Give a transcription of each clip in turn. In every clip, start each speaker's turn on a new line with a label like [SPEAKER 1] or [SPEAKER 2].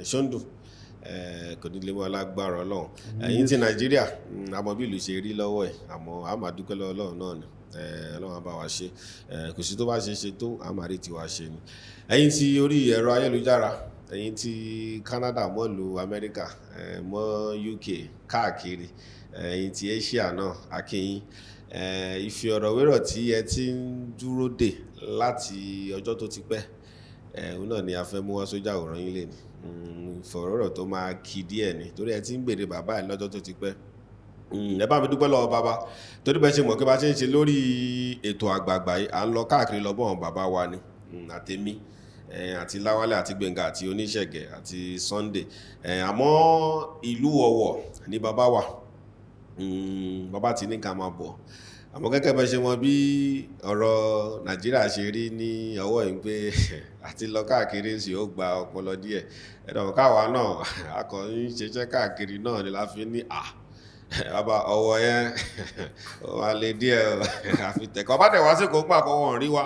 [SPEAKER 1] Eh, ṣóńdù eh, kò ní lè mọ alágbára ọlọ́run mm-hmm. ẹ̀yìn ti nàìjíríà àmọ́ mm, bí ìlú ṣe rí lọ́wọ́ ẹ̀ àmọ́ a máa dúpẹ́ lọ́wọ́ ọlọ́run náà ni eh, ọlọ́run á bá wa ṣe kò sí tó bá ṣe ṣe tó a máa rí tiwa ṣe ni ẹ̀yìn ti orí ẹ̀rọ ayélujára ẹ̀yin tí Canada mọ́ lu Amẹ́ríkà mọ́ UK káàkiri ẹ̀yin tí Asia náà akínyìn ìfi ọ̀rọ̀ wérọ̀ tí ẹ ti ń dúró dè láti ọjọ́ tó ti pẹ́ òun náà ni a fẹ́ mú wá sójà òràn yín lé ìfọ̀rọ̀rọ̀ tó máa kí díẹ̀ ni torí ẹ ti ń béèrè bàbá ẹ lọ́jọ́ tó ti pẹ́ ẹ bá mi dúpẹ́ lọ́wọ́ bàbá torí bẹ́ẹ̀ ṣe mọ̀ pé bá ṣe ń ṣe lórí ètò àgbààgbà yìí à ń lọ káàkiri lọ́bọ̀ àwọn bàbá wa ni àtẹ̀mí àti láwálẹ̀ àti gbẹ̀ngà àti oníṣẹ̀gẹ̀ àti sunday àmọ́ ìlú ọ̀wọ̀ ni bàbá wa bàbá ti ní ká máa bọ̀ àmọ́ gẹ́gẹ́ bá ṣe mọ bí ọ̀rọ̀ nàìjíríà ṣe rí ní ọwọ́ yìí pé àti lọ káàkiri sì ó gba ọpọlọ díẹ̀ ẹ̀dọ̀ káwa náà akọ ń ṣiṣẹ́ káàkiri náà ni la fi ní à bàbá ọwọ́ yẹn wà lè díẹ̀ àfi tẹ̀kọ́ bá tẹ̀ wá sí kó pàkọ́ rí wa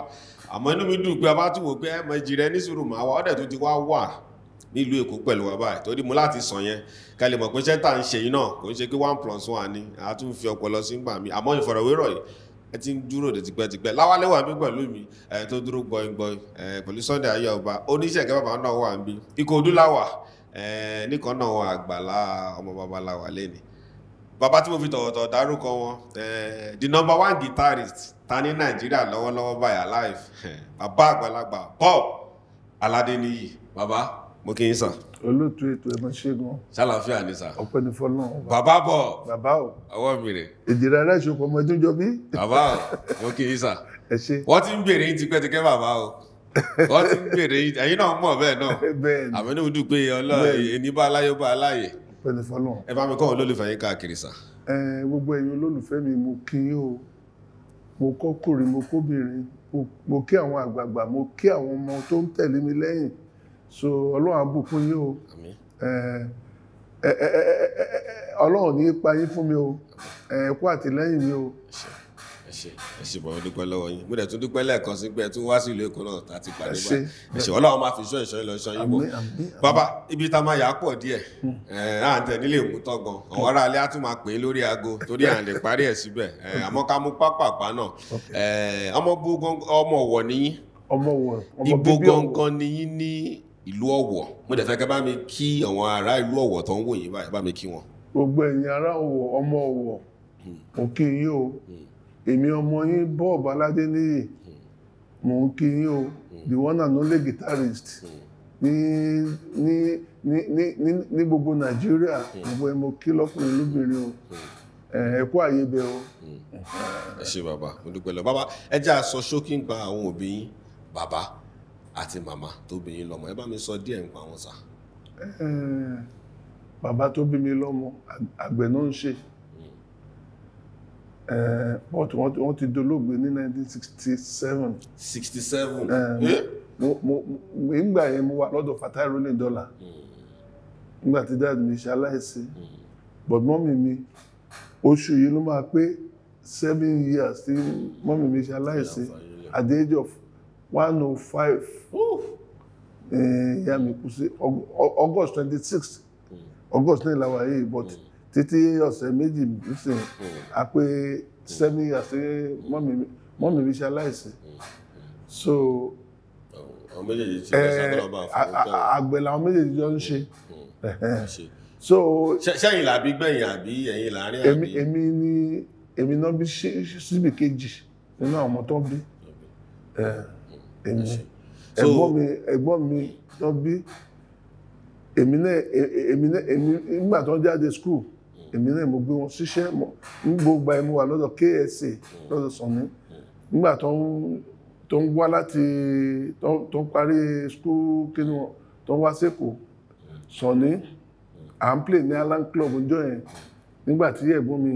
[SPEAKER 1] àmọ́ inú mi dùn pé a bá tún wò pé ẹ̀mọ ìjì rẹ ní sùúrù màá ọ̀dẹ̀ tó ti wá wà nílùú èkó pẹ̀lú wa báyìí torí mo láti sàn yẹn ká lè mọ̀ pé iṣẹ́ tá à ń ṣe yìí náà kò ń ṣe pé one plus one ni a tún fi ọpọlọ sí gbà mí àmọ́ ìfọ̀rọ̀wérọ̀ yìí ẹ ti ń dúró de tipẹ́tipẹ́ láwálé wà ń bí pẹ̀lú mi ẹ tó dúró gbọ̀ngbọ̀n ẹ pẹ̀lú Sunday ayé ọba oníṣẹ́ ìkẹ́ bàbá náà wà ń bí Ìkòròdú láwà nìkan náà wà àgbàlá ọmọ bàbá lẹ́ni bàbá tí mo fi tọ̀wọ̀tọ̀ dárúkọ wọn the number one guitarist ta ní Nàìjíríà lọ́wọ́lọ́wọ́ báyìí alive bàbá àgbàlagbà Bob Aládéníyì bàbá
[SPEAKER 2] mo kì í sàn olóòtú ètò ẹ̀mọ́ ṣẹ́gun.
[SPEAKER 1] ṣàlàáfíà ni sà.
[SPEAKER 2] ọpẹ́ ni fọlọ́n. bàbá
[SPEAKER 1] bọ̀. bàbá o. ọwọ́ mi rè.
[SPEAKER 2] èdèrè aláìṣokọ̀ ọmọ ẹdún jọ bí.
[SPEAKER 1] bàbá o mo kì í sà. ẹ ṣe. wọ́n ti ń bèrè yín tipẹ́tipẹ́ bàbá o wọ́n ti ń bèrè yín ẹ̀yin náà mọ̀ bẹ́ẹ̀ náà. bẹ́ẹ̀ ni àmì ní ojú pé ọlọ́ọ̀
[SPEAKER 2] mo kọ́kùnrin mo kóbìnrin mo kí àwọn àgbààgbà mo kí àwọn ọmọ tó ń tẹ̀lé mi lẹ́yìn so ọlọ́run á fún o ọlọ́run ní pa fún mi o ẹ àtìlẹ́yìn mi o.
[SPEAKER 1] ẹ̀ṣẹ̀ ṣe dúpẹ́ lọ́wọ́ yín tún dúpẹ́ lẹ́ẹ̀kan sí pé wá sí ìlú Èkó náà ti bá ẹ ọlọ́run máa fi ṣọ́ ìṣọ́ ibi ta máa yà pọ̀ díẹ̀ hmm. nílé ìmú tọ́gan alẹ́ á tún máa pè torí à ń lè parí ẹ̀ síbẹ̀ àmọ́ ká mú pápá náà ọmọ ọmọ
[SPEAKER 2] ọmọ ibo gangan
[SPEAKER 1] ní ìlú Ọ̀wọ̀ mo dẹ̀ fẹ́ kẹ́ bá mi kí àwọn ará ìlú Ọ̀wọ̀ tó ń wò yín báyìí bá mi kí wọn.
[SPEAKER 2] gbogbo ẹ̀yin ará Ọ̀wọ̀ ọmọ Ọ̀wọ̀ òkè hmm. yìí o hmm. èmi ọmọ yín Bob Aládéníyì hmm. mò ń kí yín o the one and only guitarist ní ní ní ní ní gbogbo Nàìjíríà gbogbo ẹ̀ mo kí lọ́kùnrin lóbìnrin o ẹ kú àyè bẹ o.
[SPEAKER 1] ẹ ṣe bàbá mo dúpẹ́ lọ bàbá ẹ jẹ́ àṣọ ṣókí gba àwọn òbí yín bàbá àti màmá tó bí yín lọ́mọ ẹ bá mi sọ díẹ̀ nípa wọn sà.
[SPEAKER 2] bàbá tó bí mi lọ́mọ àgbẹ̀ náà ń ṣe hmm. but wọ́n ti dolóògbé ní 1967. 67. Eh? nígbà yẹn mo wà lọ́dọ̀ Fatai Rolling Dollar hmm. nígbà tí dad mi ṣe aláìsí hmm. but mọ́mì mi oṣù yìí ló máa pé seven years tí mọ́mì mi ṣe aláìsí at the age of one oh five eh, ìyá mi kú sí august twenty six hmm. august ní ìlàwọ̀ ayé but hmm. títí ọ̀sẹ̀ méjì nísìnyí hmm. a pé seven years ṣe mọ́mì mi ṣe aláìsí so eh, àgbẹ̀ làwọn méjèèjì jọ ń ṣe eh,
[SPEAKER 1] so ṣẹ́yìn làbí gbẹ̀yìn àbí ẹ̀yìn láàrin àbí
[SPEAKER 2] èmi ni èmi náà bí síbì kejì nínú àwọn ọmọ tó bí èmi ẹ̀gbọ́n mi ẹ̀gbọ́n mi tó bí èmi náà èmi náà èmi nígbà tó ń jáde school èmi náà mo gbé wọn ṣiṣẹ́ mọ́ gbogbo ẹ̀ mo wà lọ́dọ̀ KSA lọ́dọ̀ Sànní nígbà tó ń tó ń wá láti tó ń parí school kíni wọn tó ń wá sẹ́kọ̀ọ́ Sànní à ń play ní Island Club ọjọ́ yẹn nígbà tí ẹ̀gbọ́n mi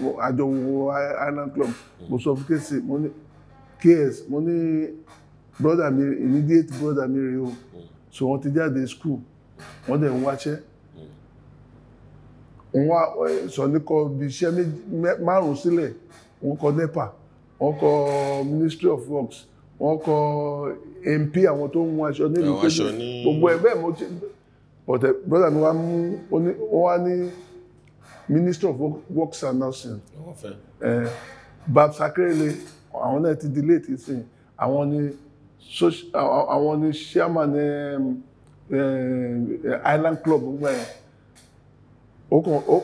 [SPEAKER 2] mo àjọ wo Island Club mo sọ fún KSA mo ní KS mo ní brother mi immediate brother mi rèé o mm. so wọ́n ti jáde school wọ́n dẹ̀ ń wáṣẹ́ mm. wọ́n eh, sọ̀ni kọ bí iṣẹ́ márùn-ún sílẹ̀ wọ́n kọ nepa wọ́n kọ ministry of works wọ́n kọ mp àwọn tó ń wọ aṣọ nílùú kejì gbogbo ẹ̀ bẹ́ẹ̀ mo ti but eh, brother mi wa mú wa ní minister of works and housing eh, babs akerele àwọn náà ti delay ti sìn àwọn ni àwọn ni chairman um, um, island club ń gbẹ̀yìn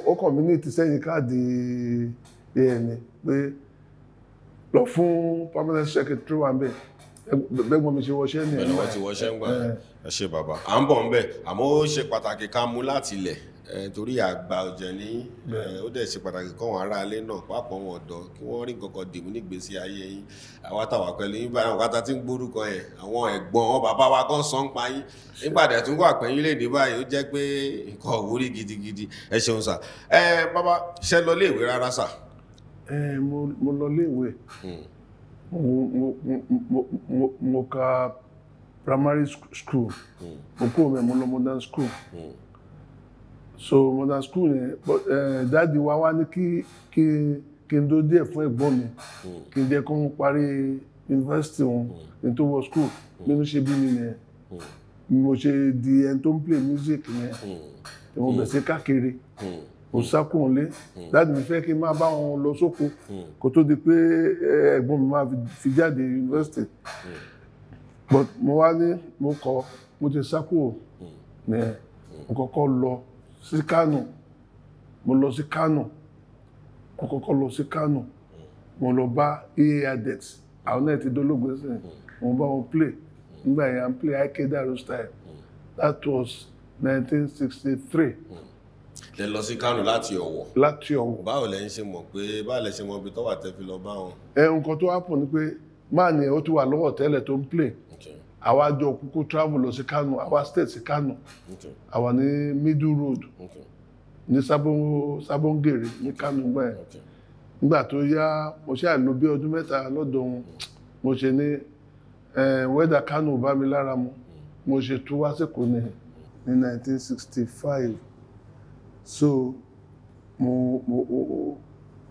[SPEAKER 2] ó kàn mí ní ìtìsẹ́yìn káàdì ẹ̀ẹ́nì um, pé lọ fún permanent secretary wa bẹ́ẹ̀ bẹ́gbọ́n mi ṣe wọṣẹ́ ní ẹ̀ bẹ́ẹ̀ wọ́n ti wọṣẹ́ ń gbà eh.
[SPEAKER 1] ẹ̀ ṣe bàbá à ń bọ̀ ń bẹ̀ àmọ́ ó ṣe pàtàkì ká mú láti ilẹ̀ Eh, torí àgbà ọ̀jẹ̀ ní eh, ó dẹ̀ ṣe pàtàkì kọ́wọn ará ilé náà pàápọ̀ wọn ọ̀dọ́ kí wọ́n rí nǹkan kan dìmú nígbésí ayé yín àwa táwa pẹ̀lú yín báyìí àwọn kátà tí ń gbórúkọ yẹn àwọn ẹ̀gbọ́n wọn bàbá wa gan sàn pa yín nígbà tẹ̀ tún wà pẹ̀yìn lè dé báyìí ó jẹ́ pé nǹkan òwúrí gidigidi ẹ ṣeun sà ẹ eh, bàbá ṣe lọ léèwé rárá sà.
[SPEAKER 2] ẹ mo lọ léèwé hmm. mo ka primary school hmm. mo kúrò mẹ́ mo lọ modern school. Hmm so modern school yẹn eh, dáàdi wa wá ni ki ki kí n dó díẹ̀ fún ẹ̀gbọ́n mi kí n jẹ́ kó ń parí yunifásitì wọn ní tó wọ school nínú ṣe bí mi nìyẹn mo ṣe di ẹni tó ń play music yẹn tí mo bẹ̀rẹ̀ sí káàkiri mo sákùnlé dáàdi mi fẹ́ kí n máa bá wọn lọ sóko kó tó di pé eh, ẹ̀gbọ́n mi máa fi jáde yunifásitì but mo wá ní mo kọ mo ti sákùn nìyẹn mo kọ́kọ́ lọ sí Kánò mo lọ sí Kánò mo kọ́kọ́ lọ sí Kánò mo lọ bá EA Adex àwọn náà ti dológun sí mo bá wọn play nígbà yẹn à ń play ike daro style that was 1963. sixty three
[SPEAKER 1] lẹ lọ sí Kánò láti Ọ̀wọ̀ láti Ọ̀wọ̀ báwo lẹ ń ṣe mọ̀ pé báwo lẹ ṣe mọ̀ ibi tó wà fi lọ bá wọn.
[SPEAKER 2] ẹ nǹkan tó wá pọ̀ ni pé máà ní ẹ ó ti wà lọ́wọ́ tẹ́lẹ̀ tó ń play àwa jọ kúkú travel lọ sí Kano àwa state sí Kano àwa ní middle road ní Sabongere ní Kano gbà yẹn nígbà tó yá mo ṣe àlò bí ọdún mẹ́ta lọ́dọ̀ wọn mo ṣe ní wẹ́dà Kano bá mi lára mu mo ṣe tú wá sẹ́kọ̀ọ́ ní 1965 so mo mo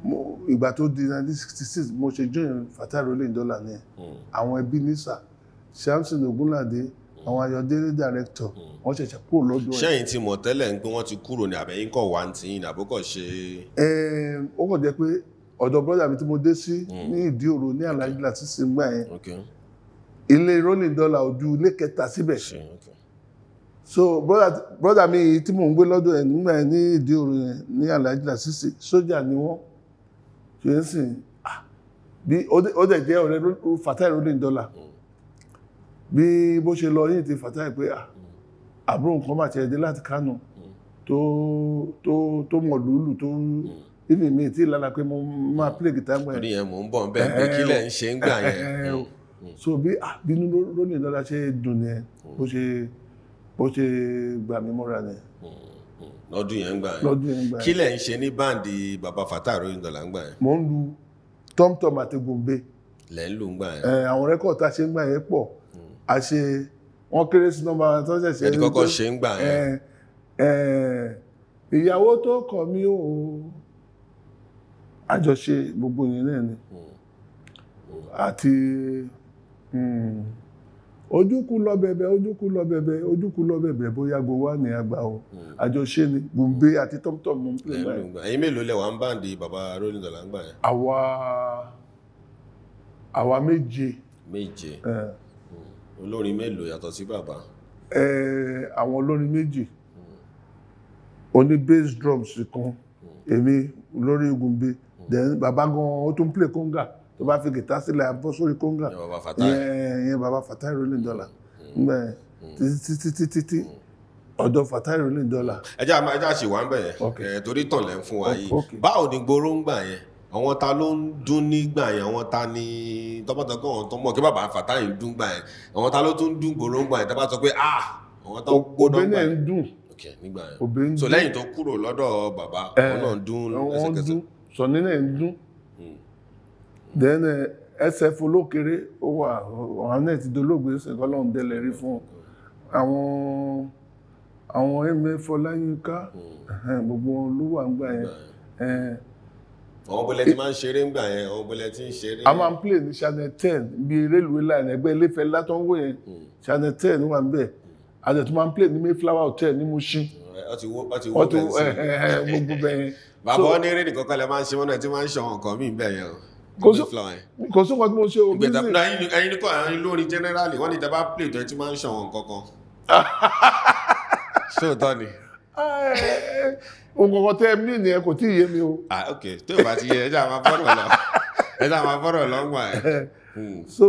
[SPEAKER 2] mo ìgbà tó di 1966 mo ṣe join Fatai Rolling Dollar ní hmm. àwọn ẹbí nísà. Mm samson ogunlade àwọn ayọ̀délé director hmm. wọ́n ṣẹ̀ṣẹ̀ kúrò lọ́dún ẹ̀. sẹ́yìn
[SPEAKER 1] tí mọ̀ tẹ́lẹ̀ ń pé wọ́n ti kúrò ní àbẹ̀yìn kọ̀ wá ti yìn àbúkọ ṣe.
[SPEAKER 2] ẹ ó kàn jẹ́ pé ọ̀dọ̀ brọ́dà mi tí mo dé sí hmm. ní ìdí òru ní alájí láti ṣe gbà yẹn ilé rolling dollar ojú ilé kẹta síbẹ̀ so brọ́dà mi tí mò ń gbé lọ́dún ẹ̀ nígbà yẹn ní ìdí òru yẹn ní alájí láti ṣe sójà ni wọ́n ṣe ń sìn bí ó dẹ̀ jẹ́ ọ̀rẹ́ fatai rolling dollar. Mm bí bó ṣe lọ yìí ti Fatai pé ah, àbúrò nǹkan bá ti ẹdín láti Kánò tó tó tó mọ̀ lùlù tó ibi hmm. mi tí lára pé mo máa play guitar mọ́ ẹ̀. mò ń bọ̀ bẹ́ẹ̀
[SPEAKER 1] pé eh, kí lẹ̀ ń ṣe ń gbà yẹn. Eh, eh, oh.
[SPEAKER 2] hmm. so bí àbínú ah, lónìí lọ́la ṣe dùn nìyẹn bó hmm. ṣe bó ṣe gbà mí mọ́ra nìyẹn
[SPEAKER 1] lọ́dún yẹn gbà yẹn kí lẹ̀ ń ṣe ní báǹdì bàbá Fatai
[SPEAKER 2] Aròyìndọ̀là ń gbà yẹn. mo ń lu tọ́mtọ́m àti gòǹbè. lẹ́ ń lù ń gbà yẹn. àwọn rẹ́kọ̀tà ṣe ń gbà yẹn pọ̀ a ṣe wọ́n kéré sí nọ́mbà tó ṣẹ̀ṣẹ̀ ẹni kọ́kọ́ ṣe ń gbà yẹn ìyàwó tó kọ̀ mí o àjọṣe gbogbo yẹn náà ni hmm. àti hmm, ojúkú lọ bẹ̀bẹ̀ ojúkú lọ bẹ̀bẹ̀ ojúkú lọ bẹ̀bẹ̀ bóyá go wá ní àgbà o àjọṣe hmm. ni gbùngbé àti tọ́mtọ́m mú pè báyìí.
[SPEAKER 1] ẹ̀yin mélòó lẹ wà ń báǹdì bàbá Rolling Dollar ń gbà yẹn.
[SPEAKER 2] àwa àwa méje. méje
[SPEAKER 1] olórin mélòó yàtọ̀ sí bàbá.
[SPEAKER 2] ẹ àwọn olórin méjì oní bass drums kan èmi olórí Ògúngbé then baba gan ó tún play conga tó bá fi gìtá sílẹ̀ abọ́ sórí conga ìyẹn bàbá Fatai Rolling Dollar ngbẹ títítítítí ọ̀dọ̀ Fatai Rolling Dollar.
[SPEAKER 1] ẹ jẹ́ àṣìwá ń bẹ̀ yẹn torí tàn lẹ́ ń fún wa yìí báwo ni gbòòrò ń gbà yẹn àwọn ta ló ń dún nígbà yẹn àwọn ta ni tọmọtọkọ àwọn tọmọ kí bàbá fàtà yìí dún gbà yẹn àwọn ta ló tún dún gbòòrò gbà yẹn tá bá sọ pé ah àwọn tó gbóná gbà yẹn okay nígbà
[SPEAKER 2] yẹn so lẹ́yìn tó
[SPEAKER 1] kúrò lọ́dọ̀ bàbá wọn náà dún lẹ́sẹ̀kẹsẹ̀
[SPEAKER 2] sọ̀ni náà ń dún hmm. then eh, sf olókèrè ó wà ọ̀hánẹ̀ ti dolóògbé ṣèkọ́lọ́hún délẹ̀ rí fún àwọn àwọn hmm. ẹ̀mẹ́ gbogbo wọn ló wà ń gbà yẹn eh,
[SPEAKER 1] àwọn bọ́lẹ̀ tí máa ń ṣeré ń gbà yẹn àwọn bọ́lẹ̀ tí ń ṣeré. a máa
[SPEAKER 2] ń play ní channel ten bíi railway line ẹgbẹ́ iléfẹ́ látọ̀wọ́ yẹn hmm. channel ten wà ń a dẹ̀ tún máa ń play ní mayflower hotel ní Mushin.
[SPEAKER 1] ọtí wó ọtí wó bẹ́ẹ̀ sí i gbogbo bẹ́ẹ̀. bàbá onírè nìkan kan lè máa ń ṣe mọ́nà tí máa ń ṣọ̀wọ́n kan mí bẹ́ẹ̀ yẹn kò sí nǹkan
[SPEAKER 2] tí mo ṣe o. ìgbẹ̀ta fúnra
[SPEAKER 1] ẹyin ní kọ́ àwọn lórí generally wọ́n ní ìjọba play tó ẹ ti máa ń ṣọ̀wọ́n kankan.
[SPEAKER 2] sóòótọ́ ni ògùnkàn tẹ́ mí ni ẹ kò tí ì yé mi o. ah ok tó
[SPEAKER 1] o bá ti yẹ ẹja máa bọ́rọ̀ lọ ẹja máa bọ́rọ̀ lọ ń wà ẹ. Hmm. so.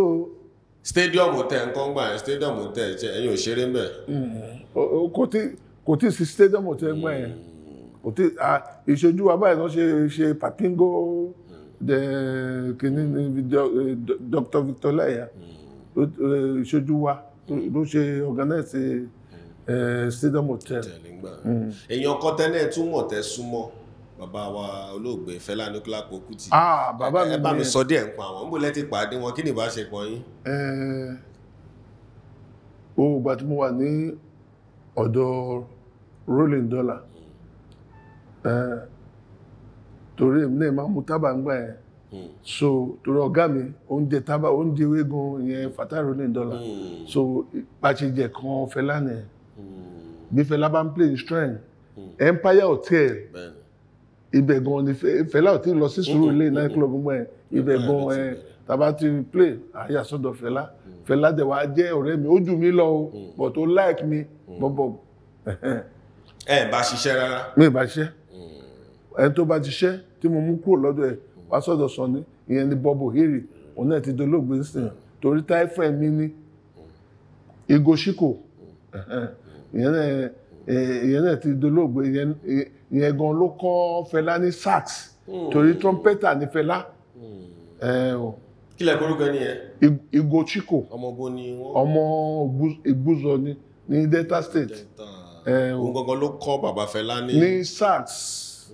[SPEAKER 1] stadium tẹ nǹkan gbà ẹ stadium tẹ ẹ jẹ ẹyin òṣèré ń bẹ.
[SPEAKER 3] Hmm.
[SPEAKER 2] kò tí kò tí sí stadium tẹ gbà ẹ kò tí ìṣojú wa báyìí náà ṣe ṣe pàtíngó hmm. kìíní Dr Victor eh, Lẹ́yà eh, ìṣojú wa ló ṣe organize stadium hotel. Mm.
[SPEAKER 1] èèyàn kan tẹ́lẹ̀ tún mọ̀ tẹ́ súnmọ́ bàbá wa olóògbé Fẹlá Aníkúlápó Kútì. ah bàbá mi ni ẹ bá mi sọ díẹ̀ ń pa àwọn ń bò lẹ́tì pàdé wọn kí ni ìbáṣepọ̀ yín.
[SPEAKER 2] ohun ìgbà tí mo wà ní ọ̀dọ̀ rolling dollar torí èmi náà máa ń mu tábà ń gbà yẹn hmm. so torí ọ̀gá mi oúnjẹ tábà oúnjẹ ewégun ìyẹn fata rolling dollar hmm. so pàṣẹ jẹ kan Fẹlá nìyẹn bí Fẹlá bá ń play strength Empire Hotel ibẹ̀ gan ni Fẹlá hotel, tí lọ sí sùúrù ilé night club mọ́ ẹ ibẹ̀ gan ẹ tàbá ti play àyà sọ́dọ̀ Fẹlá mm. Fẹlá dẹ̀ wá jẹ́ ọ̀rẹ́ mi ó jù mí lọ o mm. but ó like me, mm. bọ́bọ̀.
[SPEAKER 1] ẹ bá ṣiṣẹ́ rárá.
[SPEAKER 2] mi bá ṣiṣẹ́ ẹni tó bá ṣiṣẹ́ tí mo mú kúrò lọ́dọ̀ ẹ̀ wá sọ́dọ̀ Sunny ìyẹn ni Bob O'Hiri òun náà ti dolóògbé ń sìn torí táìfù ẹ̀mí ní igoshiko ìyẹn náà ìyẹn náà ti dolóògbé ìyẹn gan ló kọ́ Fẹlá ní sax hmm. torí trumpeter ní Fẹlá. Hmm. kí lè gbórúkọ ẹni yẹn. Igo Chiko ọmọ ogun ni wọn. Ìgbúzọ ní Delta State. òun
[SPEAKER 1] gangan ló kọ́ bàbá Fẹlá ní. ní
[SPEAKER 2] sax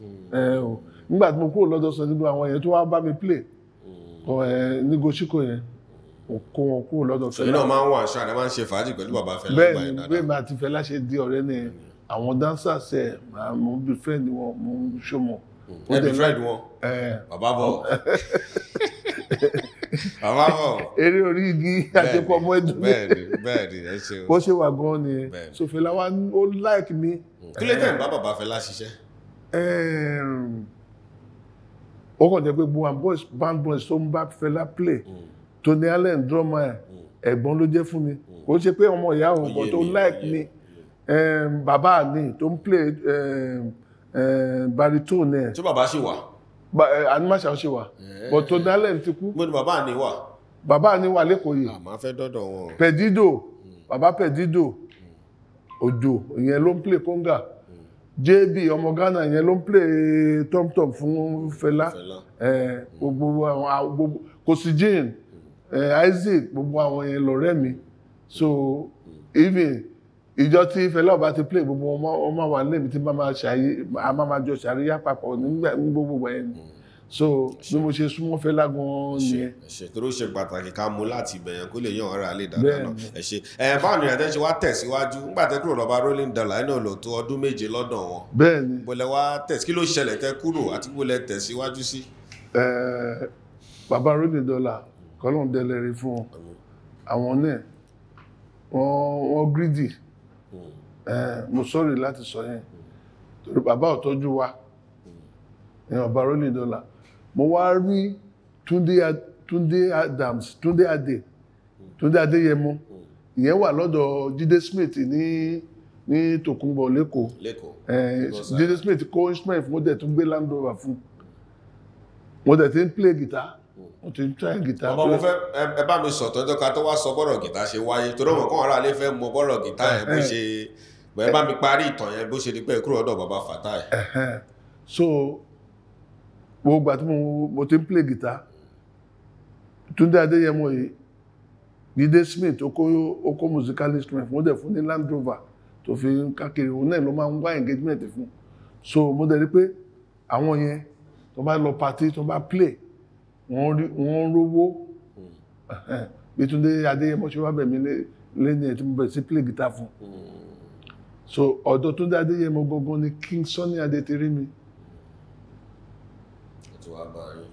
[SPEAKER 2] hmm. nígbà tí mo kúrò lọ́dọ̀ sọ nínú àwọn yẹn tó wá bá mi play ní Igo Chiko yẹn òkó wọn kúrò lọ́dọ̀ fẹlá. sọyìn náà máa ń
[SPEAKER 1] wà ṣáà máa ń ṣe fàájì pẹ̀lú bàbá fẹlá gbà yẹn dáadáa.
[SPEAKER 2] bẹ́ẹ̀ bá ti fẹlá ṣe di ọ̀rẹ́ ni àwọn dancers ẹ mo ń bi friend wọn mo ń ṣọmọ. ẹ bi friend wọn
[SPEAKER 1] bàbá bọ bàbá bọ. eré
[SPEAKER 2] orí igi àtẹpọ mọ ẹdùn mi bẹ́ẹ̀ni ẹ ṣe o. bó ṣe wà gan ni so fẹlá wa ó like mi. Hmm, kí ló dé bá bàbá fẹlá ṣiṣẹ́. ó kàn jẹ́ pé band boys tó ń bá fẹlá play. Mm Tony Allen drama ẹ̀ hmm. ẹ̀gbọ́n ló jẹ́ fún mi hmm. kò ṣe pé ọmọ ìyá òun bọ̀ tó like mi bàbá mi tó ń play baritone ẹ̀. tí bàbá ṣì wà. Eh, animasa ṣì wà eh. but Tony Allen ti kú. mo ní bàbá ni wà. bàbá ni wà lẹ́kọ̀ọ́ yìí. àmọ́ fẹ́ dọ́dọ̀ wọn. Pedido hmm. bàbá Pedido Òjò ìyẹn ló ń play Konga. JB ọmọ Ghana yẹn ló ń play tom tom fún Fẹlá eh, gbogbo àwọn gbogbo kò sí Jane Isaac gbogbo àwọn yẹn lọ́rẹ́ mi so even ìjọ tí fẹlẹ́ ọba ti play gbogbo ọmọ wa lẹ́bi tí a máa ma jọ ṣàríyá papọ̀ nígbà gbogbo ẹ̀ ni hmm. so bí mo ṣe súnmọ́ fẹ́ lágbọ́n nìyẹn. ẹ̀ṣẹ̀ tó ló ṣe pàtàkì ká mú láti ìbẹ̀yàn kó lè
[SPEAKER 1] yan ara lè dáadáa náà ẹ̀ṣẹ̀ ẹ̀ báwo ni ìrìnàjò ṣe wá tẹ̀síwájú nígbà tẹ́ kúrò lọ́ba rolling dollar iná lò tó ọdún méje lọ́dọ̀ wọn. bẹ́ẹ̀ni bọlẹ wá tẹsí kí ló ṣẹlẹ̀ tẹ́ kúrò àti bọlẹ tẹ̀síwájú sí.
[SPEAKER 2] bàbá rolling dollar kọ́lọ́n dẹ́lẹ́rí fún wọn àwọn náà wọ́n wọ́n gírídì
[SPEAKER 3] hmm.
[SPEAKER 2] mo sọ́rí láti sọ yẹn hmm. torí bàbá ò tọ́jú wa èèyàn hmm. ọba rolling dollar mo wá rí Túndé Adams Túndé Adé Túndé Adéyẹmọ ìyẹn wà lọ́dọ̀ Jídé Smith ní ní Tòkunbọ lẹ́kọ̀ọ́
[SPEAKER 1] uh,
[SPEAKER 2] Jídé Smith kó instrument fún ó dẹ̀ tún gbé land rover fún mo dẹ̀ ti play guitar mo ti ń try guitar. ọmọ mo fẹ́
[SPEAKER 1] ẹ bá mi sọ̀tọ̀ ẹjọ́ ká tó wá sọ bọ́rọ̀ guitar ṣe wáyé torí ọmọ kan ara lè fẹ́ mọ bọ́rọ̀ guitar yẹn bó ṣe ẹ bá mi parí ìtàn yẹn bó ṣe di pé kúrò ọ̀dọ̀ bàbá Fatai.
[SPEAKER 2] so gbogbo ìgbà tí mo ti ń play guitar Túndé Adéyẹmọ yìí Jídé Smith ó kó ó kó musical instrument fún ó dẹ̀ fún ní Land Rover tó fi ń kákiri òun náà ló máa ń wá engagement fún so mo dẹ̀ rí pé àwọn yẹn tó bá lọ party tó bá play wọ́n rówó
[SPEAKER 3] hmm.
[SPEAKER 2] Gbétúndé Adéyẹmọ ṣe wá bẹ̀ mí lẹ́ni ẹ̀ tí mo bẹ̀rẹ̀ sí play guitar fún hmm. so ọ̀dọ̀ Túndé Adéyẹmọ gangan ni King Sunny Adé ti rí mi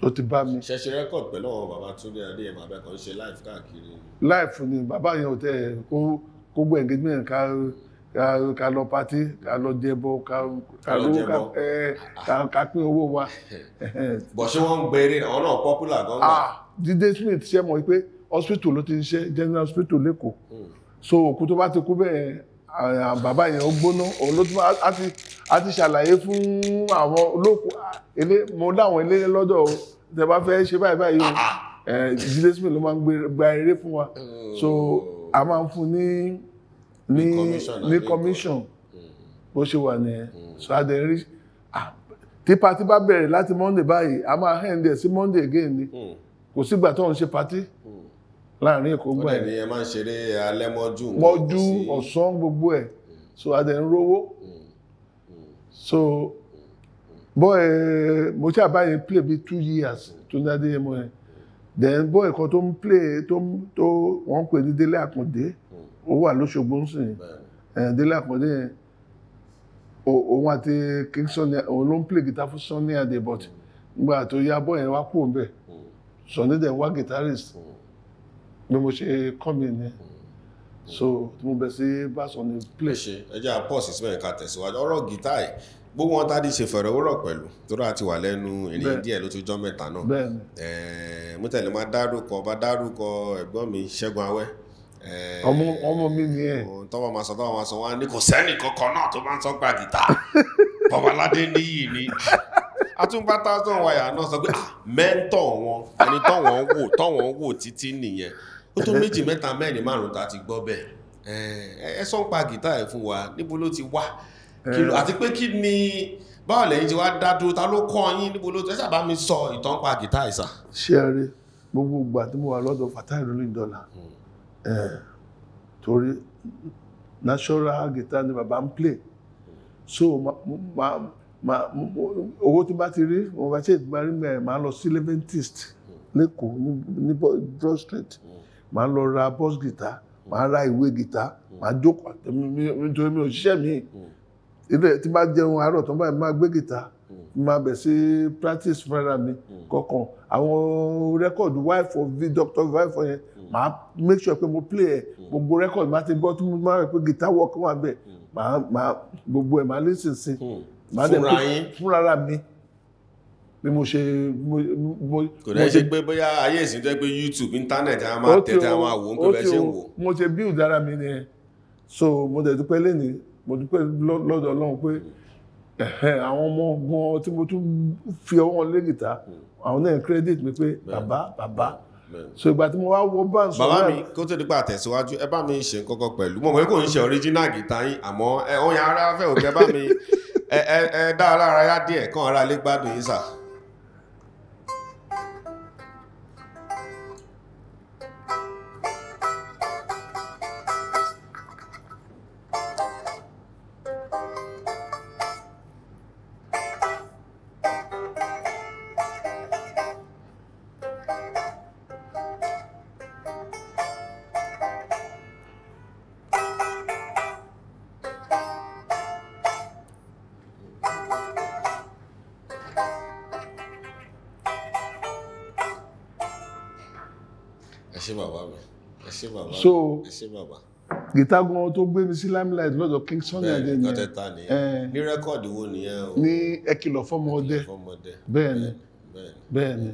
[SPEAKER 2] ó ti bá mi. ṣẹṣẹ
[SPEAKER 1] rẹkọd pẹ̀lú àwọn bàbá Túndé Adéyẹmọ abẹ́kọ̀ọ́ ṣe live káàkiri.
[SPEAKER 2] live ni bàbá yẹn ò tẹ kó gbọ́ engagement ká ká lọ patí ká lọ jẹbọ ká lọ ká pín owó wa. bọ̀ ṣé wọ́n ń gbèrè àwọn
[SPEAKER 1] popular gan-an. ah
[SPEAKER 2] Jídé Smith ṣe mọ̀ pé hospital ló ti ń ṣe general hospital lẹ́kọ̀ọ́ hmm. so òkú tó bá ti kú bẹ́ẹ̀ bàbá yẹn ó gbóná òun ló tún á ti ṣàlàyé fún àwọn olókùn ah, mo láwọn eléré lọ́dọ̀ tẹ bá fẹ́ ṣe báyìí báyìí o Jídé ah, ah. eh, Smith ló máa ń gba eré fún wa hmm. so a máa ń fún ní ní ní commission bó ṣe wà nìyẹn mm. so adẹ̀rí tí party bá bẹ̀rẹ̀ láti monday báyìí a máa end ẹ̀ sí monday again ni mm. kò sígbà tó ń ṣe party mm. láàrin èkó gbà ẹ̀. ọ̀dẹ̀ ni
[SPEAKER 1] ẹ máa ń ṣeré alẹ́ mọ́jú. mọ́jú
[SPEAKER 2] ọ̀sán gbogbo ẹ̀ so adẹ̀ ń rówó so bọ́ẹ̀ mo ṣáà báyìí play bí two years tó ń dá yẹn then bọ́ẹ̀ kan tó ń play tó wọ́n ń pè ní délé àkàndé ó wà lóṣogbo ń sìn délé àkàndé yẹn òun àti king sunny òun ló ń play guitar fún sunny adé but gba àtò ya bọ́ yẹn wá kú òun bẹ̀ hmm. sunny dẹ̀ wá guitarist hmm. bí mo ṣe kọ́ mi ni hmm. so tí mo bẹ̀ sí bá sunny play. ṣe
[SPEAKER 1] ẹ jẹ́ àpọ́ọ̀sì síbẹ̀ ká tẹ̀síwájú ọ̀rọ̀ gítà yìí gbogbo wọn tádì ṣe fẹ̀rẹ̀ wúrọ̀ pẹ̀lú torí àti wà lẹ́nu ìrìn díẹ̀ ló tún jọ́ mẹ́ta náà mo tẹ̀lé máa dárúkọ bá dárúkọ ẹ̀gbọ́n mi Ṣẹ́gun Awẹ́ Eh, ọmọ ọmọ mi ni ẹ. tọ́wọ́ máa sọ tọ́wọ́ máa sọ wọn ni kò sẹ́ni kankan náà tó máa ń sọ gba gìtá Bọ́láadé níyì ni àtúngbà thousand wire náà sọ pé ah, mẹ́ńtọ̀ wọn ẹni tọ́wọ́n wò tọ́wọ́n wò títí nìyẹn ó tó méjì mẹ́ta mẹ́rin márùn-ún ta ti gbọ́ bẹ́ẹ̀ eh, ẹ sọ ń pa gìtá ẹ̀ fún wa níbo ló ti wà eh. àti pé kí ni báwo lẹ́yìn tí wá dá dúró ta ló kọ́ yín níbo ló ti ẹ sábà mi sọ ìtàn pa gìtá ẹ̀ sà.
[SPEAKER 2] ṣé ẹ rí gbogbo ìgbà tí mo wà lọ́dọ̀ Fatai Rolling Dollar hmm. Eh, torí national guitar ni bàbá ń play so owó tí bá ti rí mo bá ṣe ìgbà rí mẹ́rin máa lọ sí leventist lẹ́kọ̀ọ́ ní broad street máa lọ ra bus guitar máa ra ìwé guitar máa jókòó nítorí mi ò ṣiṣẹ́ mi ilé tí bá jẹun àárọ̀ tó ń báyìí máa gbé guitar máa bẹ̀ sí practice fúnra mi kọ̀ọ̀kan àwọn rẹ́kọ̀dù wife of dr wife yẹn màá make sure pé mo play ẹ̀ hmm. gbogbo record máa ti gbọ́ tí máa rẹ̀ pé guitar work wà bẹ́ẹ̀ hmm. màá màá gbogbo ẹ̀ màá listen sí hmm. màá dẹ̀ pé fúnra mi bí mo ṣe mo kò dẹ́ ṣe
[SPEAKER 1] pé bóyá ayé ìsìn jẹ́ pé YouTube internet a máa tẹ̀tẹ̀ a máa wò ó pé bẹ́ẹ̀ ṣe wò.
[SPEAKER 2] mo ṣe build ara mi ni so mo dẹ̀ dúpẹ́ lẹ́nìí mo dúpẹ́ lọ́dọ̀ Ọlọ́run pé àwọn ọmọ gan tí mo tún fi ọwọ́ lé gìtá àwọn náà credit mi pé bàbá bàbá so ìgbà tí mo wá wọ bá ń sọ bàbá mi
[SPEAKER 1] kó tó dípa àtẹ̀síwájú ẹ bá mi ṣe
[SPEAKER 2] kọ́kọ́ pẹ̀lú mo mọ̀ kò ń ṣe
[SPEAKER 1] original guitar yín àmọ́ ẹ ó yan ara fẹ́ òkè bá mi ẹ ẹ dá ara yá díẹ̀ kán ara lè gbádùn yín sáà. sí bàbá.
[SPEAKER 2] gìtá gan tó gbé mi sí limelight lọ́dọ̀ King Sunny Adé yẹn
[SPEAKER 1] bẹ́ẹ̀ ní rẹ́kọ̀dì wo nìyẹn o. ní ẹ kìlọ̀ fọ́mọdé
[SPEAKER 2] bẹ́ẹ̀ ni bẹ́ẹ̀ ni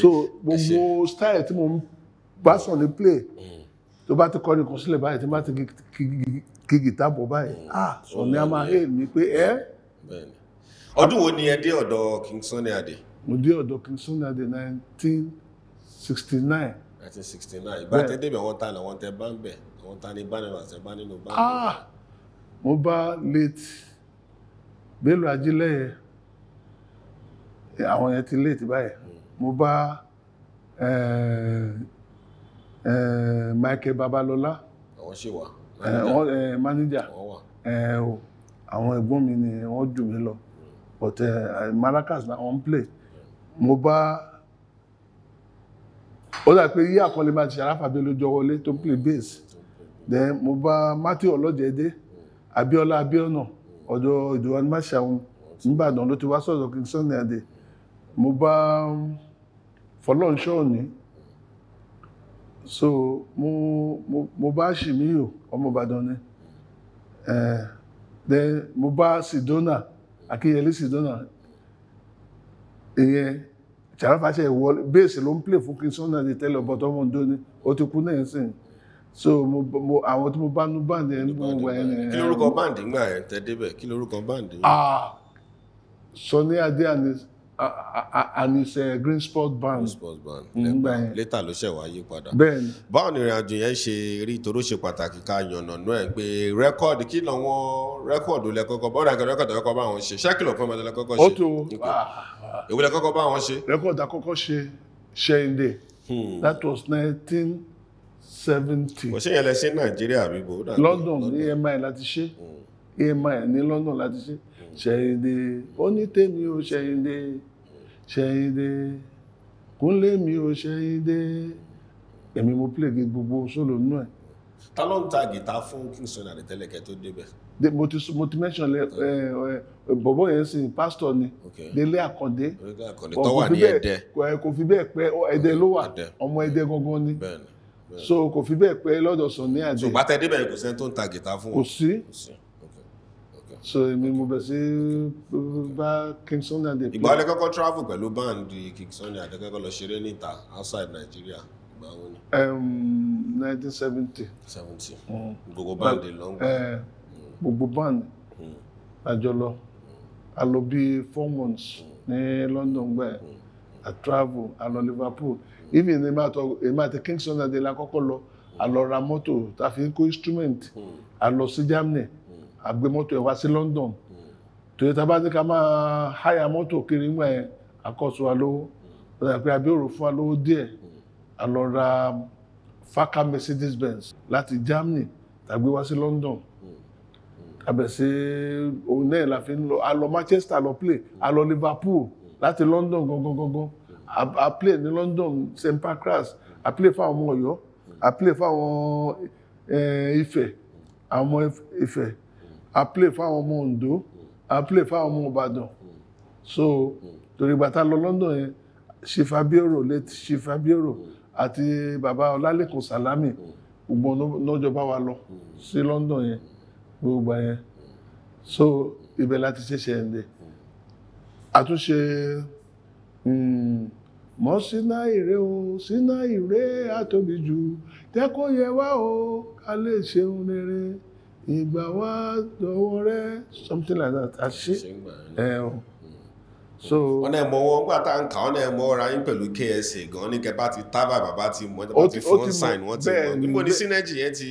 [SPEAKER 2] so gbogbo style tí mo ń bá sàn ní play mm. tó bá ti kọrin kan sílẹ̀ báyìí tí bá ti kí gìtá bọ̀ báyìí mm. ah Sunny a máa
[SPEAKER 1] hail mi pé ẹ́. ọdún wo ni ẹ dé ọ̀dọ̀ King Sunny Adé.
[SPEAKER 2] mo dé ọ̀dọ̀ King Sunny Adé nineteen sixty nine
[SPEAKER 1] nineteen sixty nine ìgbà tẹ́dẹ̀bẹ̀ wọ́n ta làwọn tẹ bá ń bẹ̀ àwọn ta ni bánirọ̀ àti bá nínú bá.
[SPEAKER 2] Ah! mo bá late Bello Ajílẹ̀yẹ àwọn yẹn ti late báyìí hmm. mo bá eh, eh, Michael Babalọlá àwọn ṣe wà eh, máníjà àwọn ẹ̀gbọ́n mi ni wọ́n jù mí lọ hmm. but uh, Maracas na on play hmm. mo bá ó dà pé yí àkọlé máa ti Sharaf Abíọ́lá jọ wọlé tó play bass then mo bá Matthew Ọlọ́jẹ̀dé Abíọ́lá Abíọ́nà ọ̀dọ̀ ìdúrà ní Máṣàun nígbàdàn ló ti wá sọ̀rọ̀ kí n Sunday Adé mo bá um, Fọlọ́nṣọ́ òní so mo mo bá Ṣìmíyò ọmọ Ìbàdàn ni eh, then mo bá Sidona Akínyẹlé Sidona ìyẹn Jarafa ṣe wọlé bẹ́ẹ̀sì ló ń play fún Kingston náà di tẹ́lẹ̀ ọ̀bọ̀ tọ́mọ̀ ń dóni ó so mo mo àwọn tí mo bá nú báǹdì ẹni mo wà ẹni. kí lorúkọ
[SPEAKER 1] báǹdì ń gbà ẹ̀ tẹ́ débẹ̀ kí lorúkọ báǹdì.
[SPEAKER 2] Sọní Adé Anis
[SPEAKER 1] and
[SPEAKER 2] it's a green sport band. green sport band nígbà mm-hmm. yẹn
[SPEAKER 1] later ló ṣẹ̀ wá yí padà. bẹ́ẹ̀ni. báwo ni ìrìnàjò yẹn ṣe rí torí ṣe pàtàkì ká yànnà náà ẹ̀ pé rẹ́kọ̀dì kí lọ wọn rẹ́kọ̀dì lẹ kọ́kọ́ bọ́ọ̀dà kí rẹ́kọ̀dì kọ́kọ́ bá wọn ṣe ṣẹ́kìlọ̀ kan bẹ́ẹ̀ lẹ kọ́kọ́ ṣe. ó tó èwo lẹ kọ́kọ́ bá wọn
[SPEAKER 2] ṣe. rẹ́kọ̀dì àkọ́kọ́ ṣe ṣẹ́yìndé hmm. that was nineteen seventy. kò ṣe yẹn lẹ ṣe
[SPEAKER 1] Nàìjíríà àbí bò.
[SPEAKER 2] London ní EMI láti ṣe EMI hmm. ní London láti ṣe ṣẹ̀yìndé onítèmi ò ṣẹ̀yìndé ṣẹ̀yìndé kúnlé mi ò ṣẹ̀yìndé èmi mo play gbogbo sólò nú ẹ̀.
[SPEAKER 1] ta ló ń ta gìtá fún Kingston àti tẹ́lẹ̀kẹ́ tó débẹ̀.
[SPEAKER 2] mo ti mo ti mention ẹ ẹ eh, eh, bọ̀bọ̀ yẹn sìn pásítọ̀ ni délé àkàndé tó wà ní ẹ̀dẹ́ eh, kò fi bẹ́ẹ̀ pẹ́ oh, ẹ̀dẹ́ ló wà ọmọ ẹ̀dẹ́ gangan ni so kò fi bẹ́ẹ̀ pẹ́ lọ́dọ̀ sàn ní àdé. ṣùgbọ́n tẹ́ kò sẹ́ni tó ń ta gìtá fún wọn. kò sí so èmi mo bẹ̀ sí bá king sunday and the play. ìgbà wọlé
[SPEAKER 1] travel pẹ̀lú band king sunday lọ ṣeré níta outside nigeria ìgbà wo
[SPEAKER 2] ni. nineteen seventy. seventy mm. gbogbo band dey long. Eh, gbogbo band àjọlọ mm. mm. a lò bí four months ní london gbẹ a travel a lọ liverpool even èmi àtọ èmi àti king sunday adela kọ́kọ́ lọ a lọ ra mọ́tò tá a fi ń kó instrument a lọ sí germany àgbé mọ́tò ẹ̀ wá sí London hmm. torí ta bá ní ká máa háyà mọ́tò kiri ńgbà yẹn àkọ́sọ wa lówó lọ́dà hmm. pé abẹ́òrò fún wa lówó díẹ̀ hmm. a faka Mercedes Benz láti Germany tàgbé wá sí London abẹ̀ sí òun náà la fi ń lọ a Manchester lọ play a Liverpool láti London gangan gangan a play ní London St Pancras a play fáwọn ọmọ Ọ̀yọ́ a play fáwọn Ifẹ̀ àwọn eh, Ifẹ̀ a play fáwọn ọmọ Ondo a fáwọn ọmọ Ìbàdàn so torí gbàtà lọ London yẹn ṣìfà bíòrò late ṣìfà bíòrò àti bàbá Ọlálẹ́kan Sàlámì gbogbo lọ́jọba wa lọ sí London yẹn gbogbo yẹn so ibẹ̀ láti ṣẹ̀ṣẹ̀ ń dẹ̀ àtúnṣe hmm, mọ́ síná ìrẹ́ o síná ìrẹ́ àtòbí jù tẹ́kọ̀ yẹ wá o ká lè ṣeun rere ìgbà wá dọwọ́ rẹ something like that a ẹ̀hún. Hmm. so ọ̀nà ẹ̀mọ́ wọn gbà tá à ń kà
[SPEAKER 1] ọ̀nà ẹ̀mọ́ ọ̀ra yín pẹ̀lú KSA gan ní kẹba ti tábà bàbá ti mọ̀ ẹ̀bá ti fún sign wọ́n ti mọ̀ níbo ni synergy yẹn ti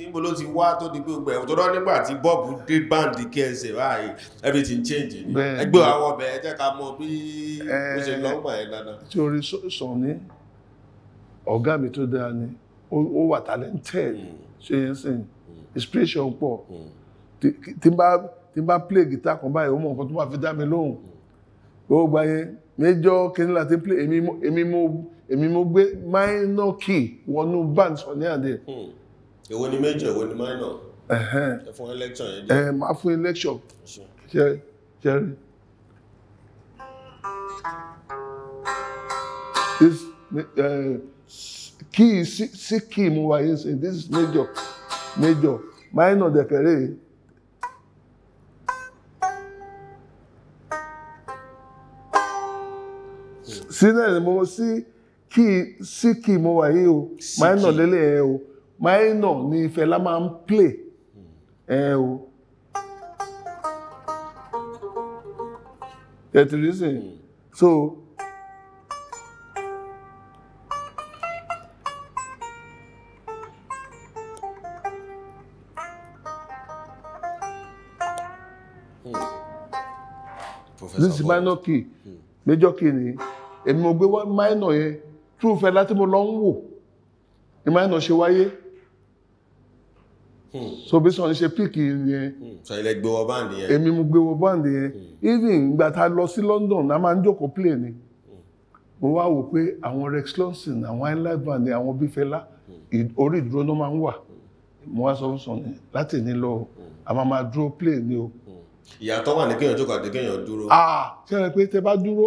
[SPEAKER 1] níbo ló ti wá tó di gbogbo ẹ̀ tó nígbà tí bob dé band KSA báyìí everything change ẹgbẹ́ àwọn ọbẹ̀ ẹ ká mọ bí ó ṣe lọ́gbà yẹn dáadáa.
[SPEAKER 2] torí sàn ní ọ̀gá mi tó dáa ni ó wà talented ṣe é sìn inspiration pọ̀ hmm. tí n bá tí n bá play guitar kan báyìí ó mọ nǹkan tó máa fi dá mi lóhùn hmm. gbogbo gba yẹn méjọ kìnìún láti play èmi mo èmi mo èmi mo gbé minor key wọnú band sọ ní àdé.
[SPEAKER 1] Hmm. èwo ni major èwo ni minor. ẹ fún election yẹn jẹ. ẹ
[SPEAKER 2] máa fún election. ṣe ṣe rí. this uh, key sí key mo wà yín sìn this is major major minor dẹ̀kẹ̀rẹ́ sí náà ni mo sí kí sí kí mo wà yìí o minor lélẹ̀ ẹ o minor ni Fẹlá máa ń play ẹ o. ẹ ti rí sìn hmm. so. this is minor key major key ni èmi mo gbé minor yẹn true fẹlá tí mo lọ ń wò ni minor ṣe wáyé hmm. so bí sọ̀rọ̀ ṣe píìkì hmm. yẹn èmi mo gbé wọ báǹdì yẹn hmm. even ìgbà tá lọ sí London na máa ń jókòó play ni mo wá wò pé àwọn Rex Lawson àwọn highlight band àwọn bí fẹlá orí ìdúró náà máa ń wà mo wá sọ fún sọ̀rọ̀ láti ní lọ a dúró play ni o. Mm
[SPEAKER 1] ìyàtọ̀ wà ní kéèyàn jókòó àti kéèyàn dúró. ah
[SPEAKER 2] ṣe é pé tẹ bá dúró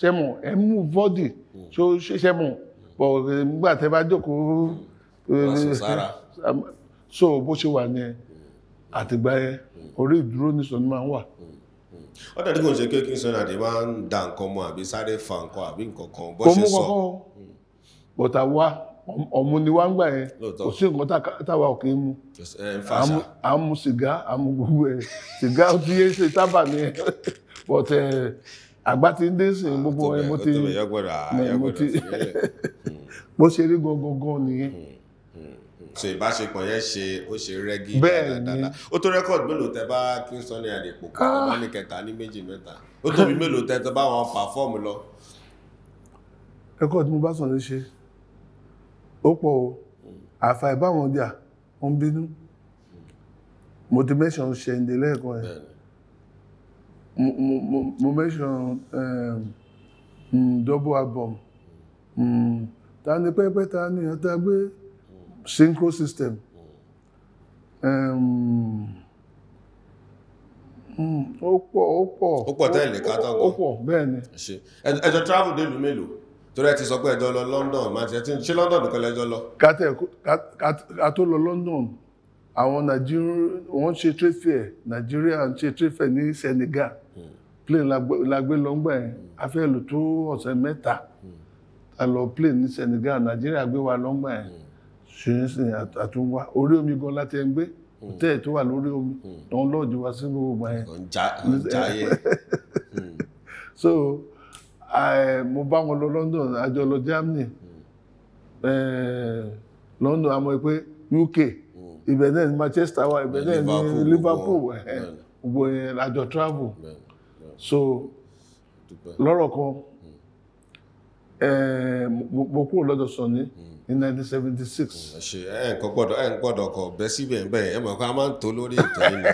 [SPEAKER 2] ṣe mọ ẹ mú bọ́dì tó ṣe mọ bọ̀ nígbà tẹ bá jókòó. Eh, so bó ṣe wà hmm. yẹn àtìgbà hmm. yẹn orí ìdúró nìṣó ni máa ń wà hmm.
[SPEAKER 1] ó dàbí kò ń ṣe pé kí n sọ náà dé máa ń da nǹkan mọ àbí sáré fa nǹkan àbí nǹkan kan bó ṣe sọ. kò mú
[SPEAKER 2] kankan bọ̀tà wá ọmọ ni wá ń gbà yẹn kò sí nǹkan táwa ò kí ń mu à ń mu sìgá à ń mu gbogbo ẹ sìgá ó ti yé ṣe tábà ní ẹ but àgbà ti ń dé sí ah, gbogbo ẹ mo ti mo ti mo ṣe rí gangan nìyẹn. Hmm,
[SPEAKER 1] hmm, hmm. so ìbáṣepọ̀ yẹn ṣe ó ṣe rẹ́gí dáadáa ó tó rẹ́kọ̀dì mélòó tẹ bá Kingston ní àdìpọ̀ kó ah. bá ní kẹta ní méjì mẹ́ta ó tóbi mélòó tẹ tẹ bá wọn fà fọ́ọ̀mù lọ.
[SPEAKER 2] rẹ́kọ̀dì mo bá sọ̀rọ̀ ṣe ó pọ̀ o àfà ìbáwọn ọjà ó ń bínú motivation ṣe ń de lẹ́ẹ̀kan ẹ̀ motivation ehm, mm, double album mm, ta ni pẹ́pẹ́ ta ni ọ̀tá gbé synchro system ehm, mm, ó pọ̀ ó pọ̀ ó pọ̀ tẹ́lẹ̀ ká tán gan ó pọ̀ bẹ́ẹ̀ ni
[SPEAKER 1] ẹjọ́ travel délùú mélòó torí ẹ ti sọ pé ẹjọ́ lọ London Manchester ṣé London nìkan lẹ́jọ́ lọ.
[SPEAKER 2] ká tó lọ London àwọn Nàìjíríà wọ́n ṣe trade fair Nàìjíríà ń ṣe trade fair ní Senegal plane la gbé lọ́ngbà yẹn a fẹ́ lò tó ọ̀sẹ̀ mẹ́ta a lọ plane ní Senegal Nàìjíríà gbé wa lọ́ngbà yẹn ṣùgbọ́n sì àtúnwá orí omi gan láti ẹ̀ ń gbé hòtẹ́ẹ̀ tó wà lórí omi tán lọ́ọ̀dì wa sí gbogbo yẹn. ọjà ọjà yẹn. so. Mm. Eh, mo bá wọn lọ London àjọ lọ Germany hmm. eh, London a UK hmm. ibẹ̀ náà ni Manchester wà ibẹ̀ náà ni Liverpool eh, gbogbo yẹn àjọ travel so lọ́rọ̀ kan hmm. mo kúrò lọ́dọ̀ Sunny ní 1976. ṣe
[SPEAKER 1] ẹ ń kọ́ gbọ́dọ̀ ẹ a máa ń tó lórí ìtọ́ yìí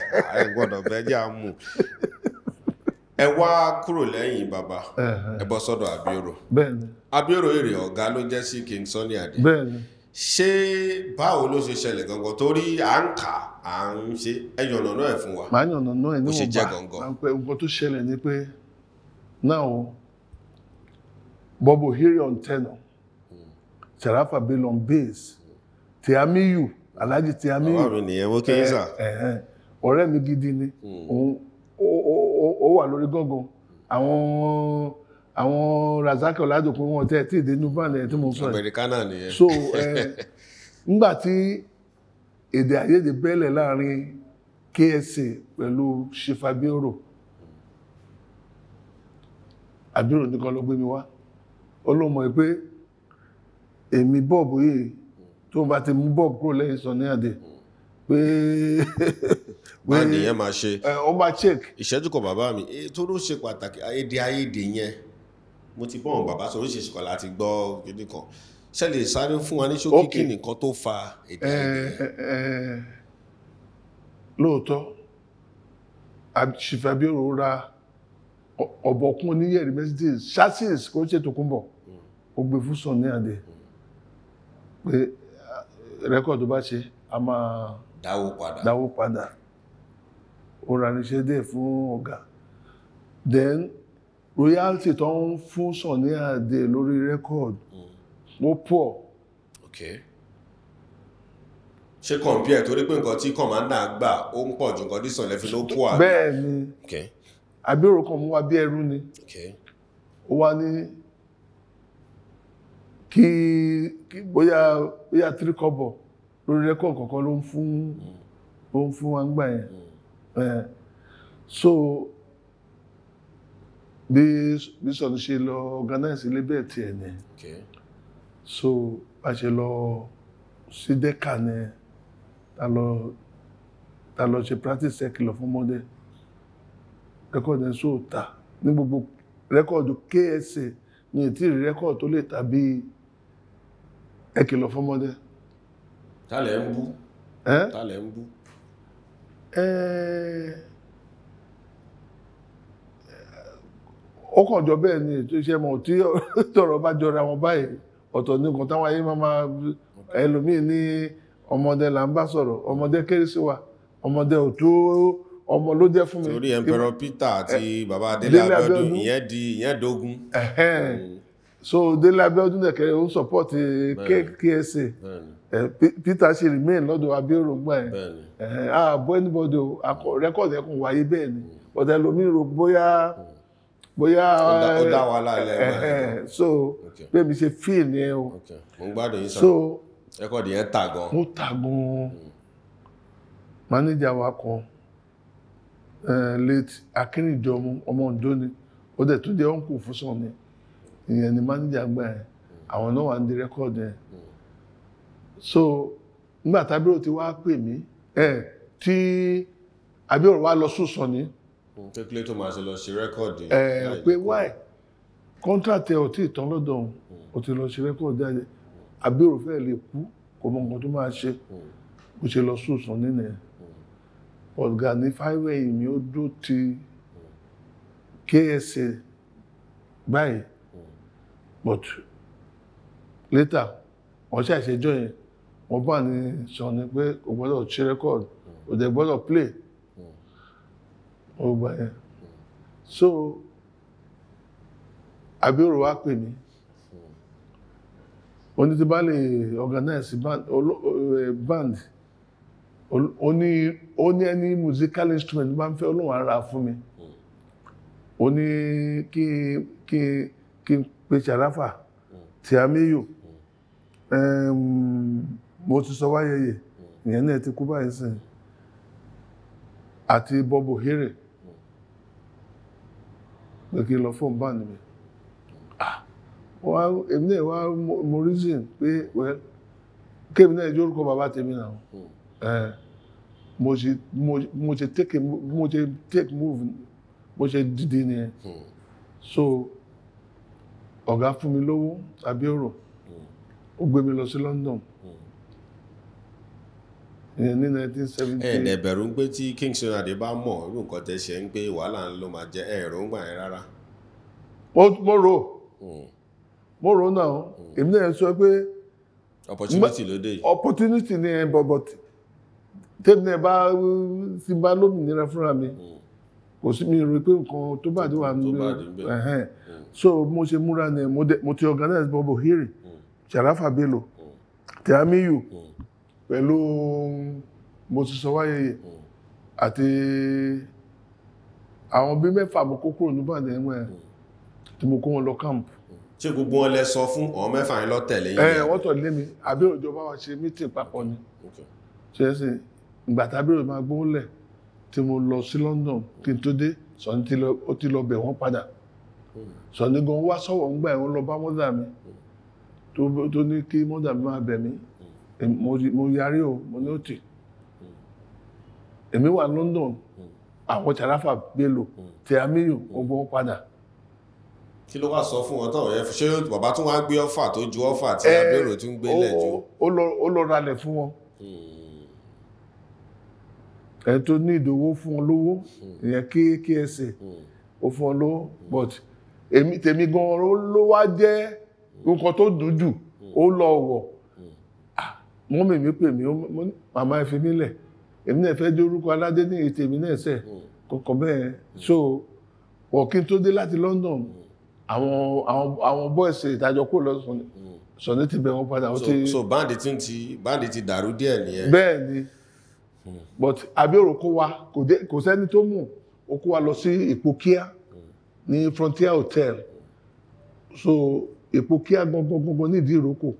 [SPEAKER 1] ẹ ẹ wá kúrò lẹ́yìn bàbá ẹ bọ́ sọ́dọ̀ abioro abioro èrè ọ̀gá ló jẹ́ sí King Sunny Adé ṣé báwo ló ṣe ṣẹlẹ̀ gangan torí à ń kà à ń ṣe ẹ yànnà náà fún wa
[SPEAKER 2] màá yànnà náà ẹ̀ níwọ̀n bá à ń pẹ́ nǹkan tó ṣẹlẹ̀ ni pé náà o Ohiri hirion tenor hmm. Sharaf Abel on ti amiyu Alhaji mi gidi ni hmm. ó wà lórí gángan àwọn àwọn Razaki Ọládòpin wọn tẹ́ tí ìdè inú báńdẹ̀ tí mo sọ
[SPEAKER 1] yìí so
[SPEAKER 2] ngbà tí èdè àìyedè bẹ́lẹ̀ láàrin KSA pẹ̀lú Shifabioro àbírò nìkan ló gbé mi wá olóòmọ̀ pé èmi bọ́ọ̀bù yìí tó bá ti mú bọ́ọ̀bù kúrò lẹ́yìn sọ ní àdè pé báà nìyẹn máa ṣe eh, ó máa
[SPEAKER 1] check ìṣẹ́jú kan bàbá mi eh, tó ló ṣe pàtàkì èdè àìyedè yẹn mo ti bọ́ àwọn bàbá sọ oríṣiríṣi kan láti gbọ́ kíní kan ṣe lè sáré fún wa ní ṣókí kí nìkan tó fa
[SPEAKER 2] èdè àìyedè. Eh, lóòótọ́ ṣìfàbíòrò ra ọ̀bọ̀kún oníyẹ̀rí mercedes chassis kò ṣe tó kún bọ̀ ó gbé fún sọ ní àdé pé rẹ́kọ̀dù bá ṣe a máa dáwó padà oranise dé fún ọ̀gá then royalty tó ń fún Sunny Adé lórí record
[SPEAKER 3] mm.
[SPEAKER 2] ó pọ̀.
[SPEAKER 1] ṣé compare torí pé nǹkan tí commander gbà ó ń pọ̀ ju nǹkan tí Sunny ló pọ̀ àbí. bẹ́ẹ̀
[SPEAKER 2] ni kan mú wa bí ẹrú ni ó wá ní kí bóyá bóyá lórí kọ̀ọ̀kan mm. ló ń fún wa ń gbà yẹn. Mm. Eh. so bí bísọ̀ ṣe lọ organize ilé bẹ́ẹ̀ tiẹ̀ ni so bá ṣe lọ sí dẹ́ka ni ta lọ ta lọ ṣe practice ẹ̀ kìlọ̀ fún mọ́dẹ́ rẹ́kọ̀dù ẹ̀ sóò ta ní gbogbo rẹ́kọ̀dù KSA ní ètí rí rẹ́kọ̀dù tó lè ta bí ẹ̀ kìlọ̀ fún mọ́dẹ́. ta lẹ̀ ń bú eh? ta lẹ̀ ń bú. ó kàn jọ bẹ́ẹ̀ ni ètò iṣẹ́ mọ̀ tí tọrọ bá jọra wọn báyìí ọ̀tọ̀ ní nǹkan táwọn ayé máa ẹlòmíì ní ọmọdé là ń bá sọ̀rọ̀ ọmọdé kéré sí wa ọmọdé ò tó ọmọ ló jẹ́ fún mi. torí emperor
[SPEAKER 1] Peter àti eh, baba Adélé Abíọ́dún ìyẹn di ìyẹn hmm.
[SPEAKER 2] so ó ń Eh, Peter ṣe remain lọ́dọ̀ abẹ́rògbà ẹ̀ ààbọ̀ anybody record ẹ̀kùn wáyé bẹ́ẹ̀ ni ọ̀dà ẹlòmíì rò bóyá mm. bóyá ó dá eh, wa lálẹ́ ẹ̀ eh, so bẹ́ẹ̀ mi ṣe fíì ni ẹ o. mo ń gbádùn yín sọ
[SPEAKER 1] record yẹn tà gan. mo
[SPEAKER 2] tà gan mm. manager wa kan late akínníjọ ọmọ Ondo ni ó dẹ̀ tún jẹ́ uncle fúnṣan ni ìyẹn ni manager gbà yẹn mm. àwọn náà wà ní rẹ́kọ̀dù yẹn so nígbà tábírò ti wá pè mí tí abíọ̀rọ̀ wá lọ sùsàn ní.
[SPEAKER 1] kékeré tó máa ṣe lọ ṣe rẹ́kọ̀dì. pé
[SPEAKER 2] why contract ẹ ò tí ì hmm. ti lọ ṣe rẹ́kọ̀dì jáde abíọ̀rọ̀ fẹ́ẹ̀ lè kú kò mọ nǹkan tó máa ṣe kò hmm. ṣe lọ sùsàn nínú ẹ̀
[SPEAKER 3] hmm.
[SPEAKER 2] ọ̀gá ní fáwẹ́ ìmí ó dó ti KSA báyìí but later wọ́n ṣàṣẹjọ́ yẹn wọ́n bá ní sọ ni pé o gbọ́dọ̀ ṣe record o dẹ̀ gbọ́dọ̀ play o gbà yẹn so abioro wa pè mí ó ní tí bá lè organize band eh, band ó ní ó ní ẹni musical instrument máa ń fẹ́ olóhùn ara fún mi ó ní kí kí kí n pe ṣàráfà tí a méyò. Um, mo ti sọ wáyẹyẹ ìyẹn náà ti kú báyìí sìn àti bọ́bù hírè pé kí n lọ fóun bá nìyẹn èmi náà wá mo reason pé kéèmí náà ìjọ orúkọ bàbá tèmi náà mo ṣe take mo ṣe take move mo ṣe dìde nìyẹn so ọ̀gá fún mi lówó àbí ọ̀rọ̀ ó gbé mi lọ sí London ní nineteen seventy. ẹ ẹ
[SPEAKER 1] bẹ̀rù ń pé tí Kingston Adé bá mọ̀ irú nǹkan tẹ́ ṣe ń pé wàhálà ń ló máa jẹ́ ẹ̀rọ ń gbà yẹn rárá.
[SPEAKER 2] mo rò hmm. mo rò náà hmm. èmi náà sọ pé.
[SPEAKER 1] opportunity ló dé yìí.
[SPEAKER 2] opportunity ni ẹ bọ̀bọ̀ tèmi náà bá ti bá lómìnira fúnra mi hmm. kò sí mi rí pé nǹkan tó bá dé wà nínú ẹ̀hẹ́n so mo ṣe múra ni mo ti organize bọ̀bọ̀ hearing Sharafa Bello Tẹ̀hámíyù pẹ̀lú mo ti sọ wáyé hmm. àti àwọn bí mẹ́fà mo kó kúrò nígbàdàn ẹ̀mọ́ ẹ̀ hmm. tí mo kó wọn lọ camp. Hmm. ṣé gbogbo wọn lẹ sọ fún ọ̀hún mẹ́fà yín lọ tẹ̀lé yín. ẹ wọ́n tọ̀lé mi àbẹ̀rò ìjọba wa ṣe mítìn papọ̀ ni ṣe é sìn ìgbà tábìrò máa gbóhùn lẹ̀ tí mo lọ sí London kí n tó dé sọ̀ni ó ti lọ bẹ̀ wọ́n padà sọ̀ni gan wá sọ̀wọ́ ń gbà ẹ̀ wọ́n lọ bá mọ́dà mi tó ní kí mọ́dà mi máa bẹ̀ mí mo yarí o mo ní òtì èmi wà London hmm. àwọn Sàráfà Bello hmm. tí a mílò gbogbo padà. kí
[SPEAKER 1] ló wá sọ fún wọn táwọn yẹn fi ṣé bàbá tún wá gbé ọfà tó ju ọfà tí abẹ́rò tún gbé lẹ̀ jù.
[SPEAKER 2] ó lọ ralẹ̀ fún wọn
[SPEAKER 3] hmm.
[SPEAKER 2] ẹ tó ní ìdòwò fún wọn lówó ìyẹn KSA ó fún wọn lówó but èmi tèmi gan-an ló wá jẹ́ nǹkan tó dùn jù ó lọ wọ̀ mọ́mì mi pè mí màmá ẹ fi mí lẹ̀ èmi náà fẹ́ dórúkọ aládé ní ètè mi náà sẹ̀ hmm. kọ̀ọ̀kan bẹ́ẹ̀ hmm. so wọ̀kí tó dé láti London hmm. àwọn àwọn àwọn bọ́ọ̀sì ìtajọ kò lọ sùn sọ̀ní ti bẹ̀ wọ́n padà. so báńdì tí ń ti báńdì ti dàrú díẹ̀ nìyẹn. bẹ́ẹ̀ ni but abioro kó wa kò sẹ́ni tó mú o kó wa lọ sí Ìpókíà ní Frontier Hotel so Ìpókíà gbọ̀ngbọ̀ngbọ̀ngbọ̀n nídìí ìrókò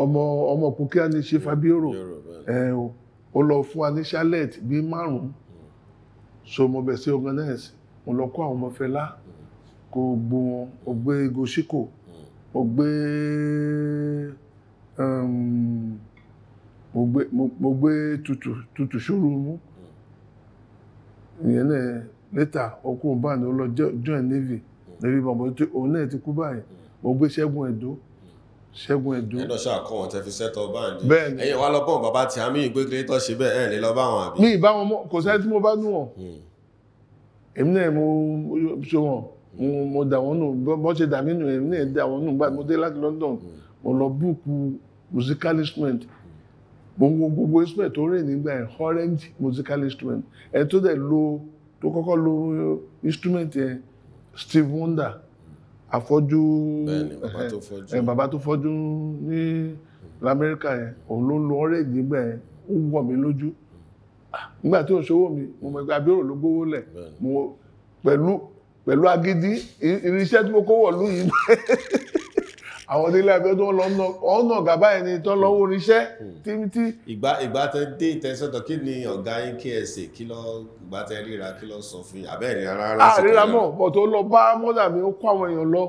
[SPEAKER 2] ọmọ ọmọ pòkí àní ṣe fabioro ẹ o ó lọ fún wa ní márùn hmm. so mo bẹ̀ sí organize mo lọ kó àwọn ọmọ Fẹlá hmm. kó gbó wọn mo gbé goshiko hmm. mo gbé um, mo gbé tutù tutù ṣòro mú ìyẹn náà lẹ́tà ọkùnrin báyìí ló lọ join navy navy bàbá òun náà ti kú báyìí mo gbé Ṣẹ́gun Ẹ̀dó ṣẹ́gun ẹ̀dùn. ẹ̀dọ̀
[SPEAKER 1] ṣáà kọ́ wọn tẹ fi sẹ́tọ̀ báńdì. bẹ́ẹ̀ni ẹ̀yin wa lọ́bọ̀n bàbá tí a mìíràn pé kírétọ̀ ṣe bẹ́ẹ̀ ẹ̀ lè lọ bá wọn àbí.
[SPEAKER 2] mi ìbá wọn kò sẹ́ni tí mo bá nù wọn. Hmm. èmi náà mo ṣe wọn mo dà wọn nù bọ́n ṣe dà mí nù èmi náà dà wọn nù gbà mo dé láti London hmm. mo lọ búùkù musical instrument mo wo gbogbo instrument tó rìn nígbà yẹn orange musical instrument ẹ̀ tó dẹ̀ lo tó kọ́kọ́ lo instrument yẹn Steve Wonder afọ́jú eh, bàbá tó fọ́jú ní lamẹ́ríkà yẹn òun ló ń lo ọ́rẹ́jì nígbà yẹn ó wọ̀ mí lójú ah, nígbà tí ò ń mi mo mọ̀ pé abẹ́rò ló gbówó lẹ̀ mo pẹ̀lú pẹ̀lú agídí irinṣẹ́ tí mo kó wọ̀ lóyún àwọn onílé abẹ́ tó ń lọ ọ̀nà ọ̀gá báyìí ni tó ń lọ́wọ́ oníṣẹ́ tímítí.
[SPEAKER 1] ìgbà ìgbà tẹ dé ìtẹsọ́tọ̀ kí ni ọ̀gá yín KSA kí lọ ìgbà tẹ ríra kí lọ sọ fún yín abẹ́ ìrìn ara rẹ̀ sí kílọ̀. àríramọ̀
[SPEAKER 2] bọ̀ tó lọ bá mọ́dà mi ó kó àwọn èèyàn lọ.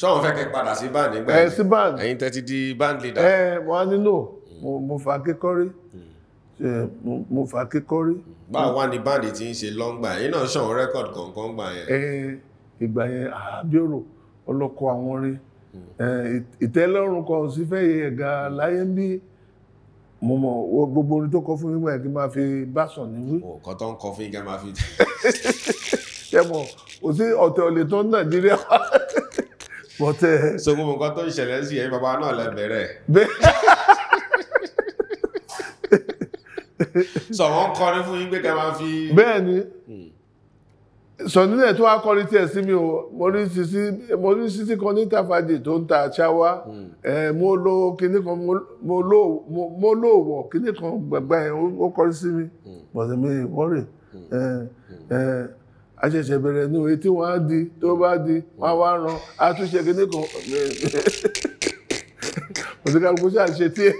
[SPEAKER 1] sọ́wọ́n hmm. fẹ́ kẹ́ padà sí band nígbà yẹn sí band ẹ̀yin tẹ́ di band leader.
[SPEAKER 2] ẹ wọn á nílò hmm. mo fà kékọ́rí hmm. mo fà kékọ́rí. báwo wá ni band
[SPEAKER 1] ti ń ṣe lọ́ngbà yín náà ṣọ̀wọ́n rẹ́kọ̀d kọ̀ọ̀kan gbà yẹn.
[SPEAKER 2] ìgbà yẹn àbíòrò ọlọ́kọ̀ àwọn orin ìtẹ́lọ́rùn kan sí fẹ́ yẹ ẹ̀gà láyé ń bí mo mọ̀ gbogbo orin tó kọ fún mi wọ̀ ẹ̀ kí n máa fi bá sàn ní wí. ọ̀kan tó ń kọ fún yín ká máa fi. ṣé mo kò sí ọ̀tẹ̀ ọ̀lẹ̀ tó ń nàìjíríà wá.
[SPEAKER 1] bọ́tẹ̀. so nǹkan tó ń ṣẹlẹ̀ sí ẹ̀yin bàbá náà lẹ bẹ̀rẹ̀. sọ kọrin fún yín pé ká máa fi.
[SPEAKER 2] bẹ́ẹ̀ ni. Hmm sọ̀nìlẹ̀ tó wá kọrin tí ẹ̀ sí mi o mo ní sísí kan ní tàfàjì tó ń ta àṣáwá hmm. mo lo mo lo òwò kinní kan gbàgbà ẹ̀ ó kọrin sí mi bọ̀dẹ̀ mi ìwọ́rẹ̀ àṣẹ̀ṣẹ̀ bẹ̀rẹ̀ ní òye tí wọ́n á di tó bá di wọ́n á wá ran àtúnṣe kinní kan òsìkàlùkù ṣàṣe tí ẹ̀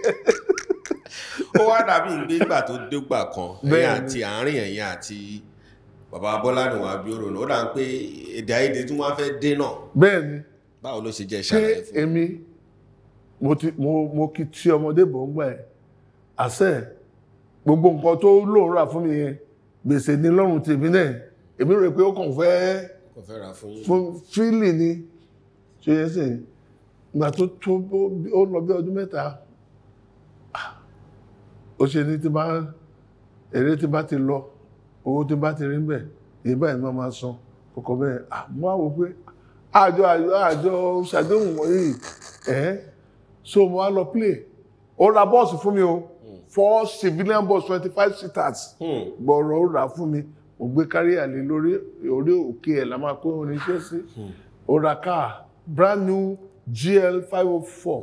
[SPEAKER 1] ó wá dàbí ìgbégbà tó dégbà kan ẹ̀yìn àti àárín ẹ̀yìn àti bàbá bọ́lá ni wàá bí òrònà ó dà ń pé èdè àìyedè tí wọ́n fẹ́ dé náà. bẹ́ẹ̀ ni báwo ló ṣe jẹ́ ìṣàlàyé fún
[SPEAKER 2] mi. ṣé èmi mo kí tí ọmọdé bò ń gbà ẹ́ àṣẹ gbogbo nǹkan tó lóun rà fún mi yẹn gbèsè ní lọ́rùn tèmi náà èmi rò pé ó kàn fẹ́ fún fílì ni ṣe yẹn sìn ìgbà tó tó ó lọ bí ọdún mẹ́ta ah, ó ṣe ní ti bá eré ti bá ti lọ owó tó bá ti rí bẹ̀ èyí báyìí ni wọ́n máa san kọ̀kọ́ bẹ́ẹ̀ àmọ́ àwọ̀ pé àjọ àjọ àjọ ṣàdéhùn wọ̀nyí ẹ̀ so mo wá lọ play ó ra bọ́ọ̀sì fún mi o four civilian bus twenty five seaters hmm. gbọ̀rọ̀ ó rà fún mi mo gbé kárí àlè lórí orí òkè ẹ̀ la máa kó oníṣẹ́ sí hmm. ó ra káà brand new GL five oh four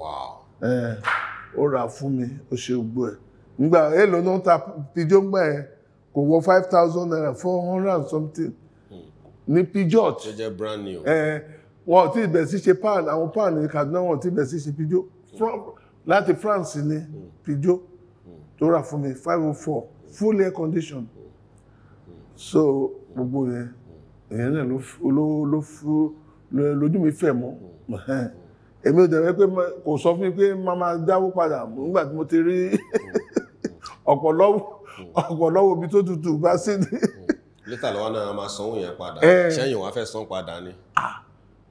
[SPEAKER 2] ó rà fún mi ó ṣe gbogbo ẹ̀ tá èèlò náà ta pijó gbà yẹn kò wọ five thousand naira four hundred and something hmm. ní pijot wọn ti bẹ̀rẹ̀ sí ṣe pan àwọn pan ní Kaduna wọn ti bẹ̀rẹ̀ sí ṣe pijó láti France ní hmm. hmm. pijó tó rà fún mi five oh four full air condition so gbogbo yẹn èyàn náà ló fún lójú mi fẹ̀ mọ́ èmi ò dẹ̀rẹ́ pé kò sọ fún mi pé máa máa dáwó padà nígbà tí mo ti rí ọ̀pọ̀ lọ́wọ́. ọ̀pọ̀ lọ́wọ́ bí tó tutù bá sí ní.
[SPEAKER 1] lítà lọ́wọ́ náà máa sanwó yẹn padà sẹ́yìn wàá fẹ́ san padà ni.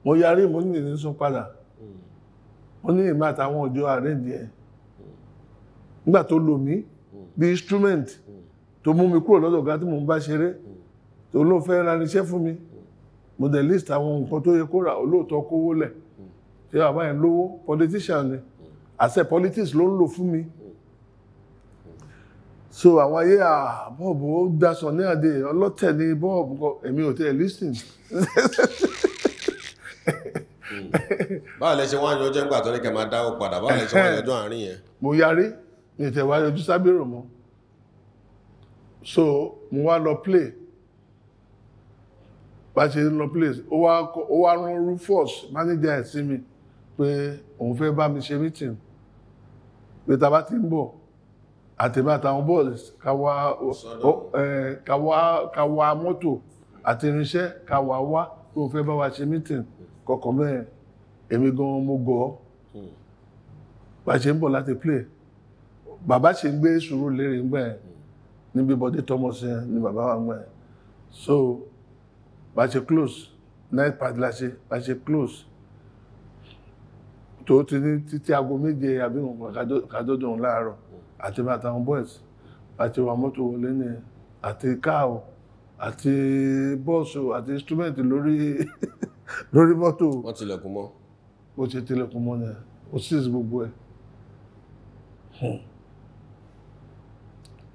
[SPEAKER 2] mo yarí mo ní ìní sun padà hmm. mo ní ìmọ̀ àtàwọn òjò àrẹ́dì ẹ̀ nígbà tó lò mí hmm. bí instrument hmm. tó mú mi kúrò lọ́dọ̀ ọ̀gá tí mo ń bá ṣeré tó ló fẹ́ ra irinṣẹ́ fún mi mo dẹ̀ list àwọn nǹkan tó yẹ kó ra olóòótọ́ kówó lẹ̀ ṣé bàbá yẹn lówó politician ni àṣẹ politics ló ń lò fún mi so àwọn ayé à bọ́ọ̀bù ó daṣọ ní àdé ọlọ́tẹ̀ ní bọ́ọ̀bù kọ èmi ò tẹ̀ lísìn. Hmm.
[SPEAKER 1] báwo lẹ ṣe wá yọjọ́ nígbà tó ní kẹ́ máa dáwó padà báwo lẹ ṣe wá yọjọ́ àárín yẹn.
[SPEAKER 2] mo yarí ní ìtẹ̀wá yọjú sábẹ́rò mọ́ so mo wá lọ play bá ṣe ń lọ play ó wá rán Rufus manager ẹ̀ sí mi pé òun fẹ́ bá mi ṣe meeting pé ta bá ti ń bọ̀ àtẹ̀mí àtàwọn bọ́ọ̀lù káwa mọ́tò àti irinṣẹ́ káwa wá tó fẹ́ bá wa ṣe mítìn kọkàn mẹ́rin èmi gan mo gọ̀ ọ́ hmm. bá ṣe ń bọ̀ láti play bàbá ṣe ń gbé sùúrù lérè ńgbà hmm. níbi bọ́dé Thomas yẹn ni bàbá wa ńgbà so bá ṣe close night party la ṣe bá ṣe close tó ti ní títí aago méje àbí nǹkan kájọ́dọ̀ láàárọ̀ àti bàtà àwọn boys àti wà mọ́tò wọlé ni àti káàwọ̀ àti bọ́ọ̀sù àti instrument lórí lórí mọ́tò. wọ́n tilẹ̀kùn mọ́. O ti tilẹ̀kùn mọ́ ni ó sì gbogbo ẹ̀.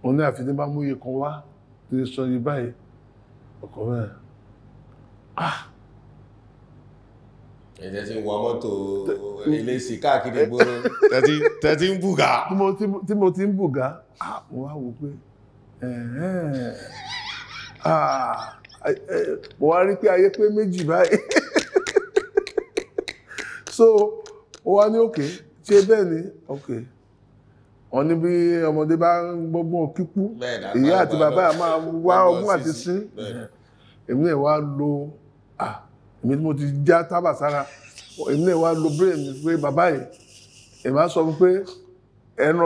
[SPEAKER 2] òun hmm. ní àfihàn bá mú iye kan wá tí sọ yìí báyìí ọkọ̀ mẹ́rin. ah
[SPEAKER 1] ẹ̀jẹ̀ ti wọ mọ́tò eléṣì káàkiri gbóró tẹ́tí ń bùgá.
[SPEAKER 2] tí mo ti ń bùgá mo wá wò pé mo wá rí pé ayé pé méjì báyìí so ó wá ní òkè ṣé bẹ́ẹ̀ ni òkè wọ́n ní bí ọmọdé bá ń gbọ́gbọ́n kíkú ìyá àti bàbá máa wá ọgbọ́n àti sín èmi ẹ̀ wá lo ah èmi tí mo ti já tábà sára èmi náà wá lo brain mi pé bàbá yìí èmi á sọ fún pé ẹnu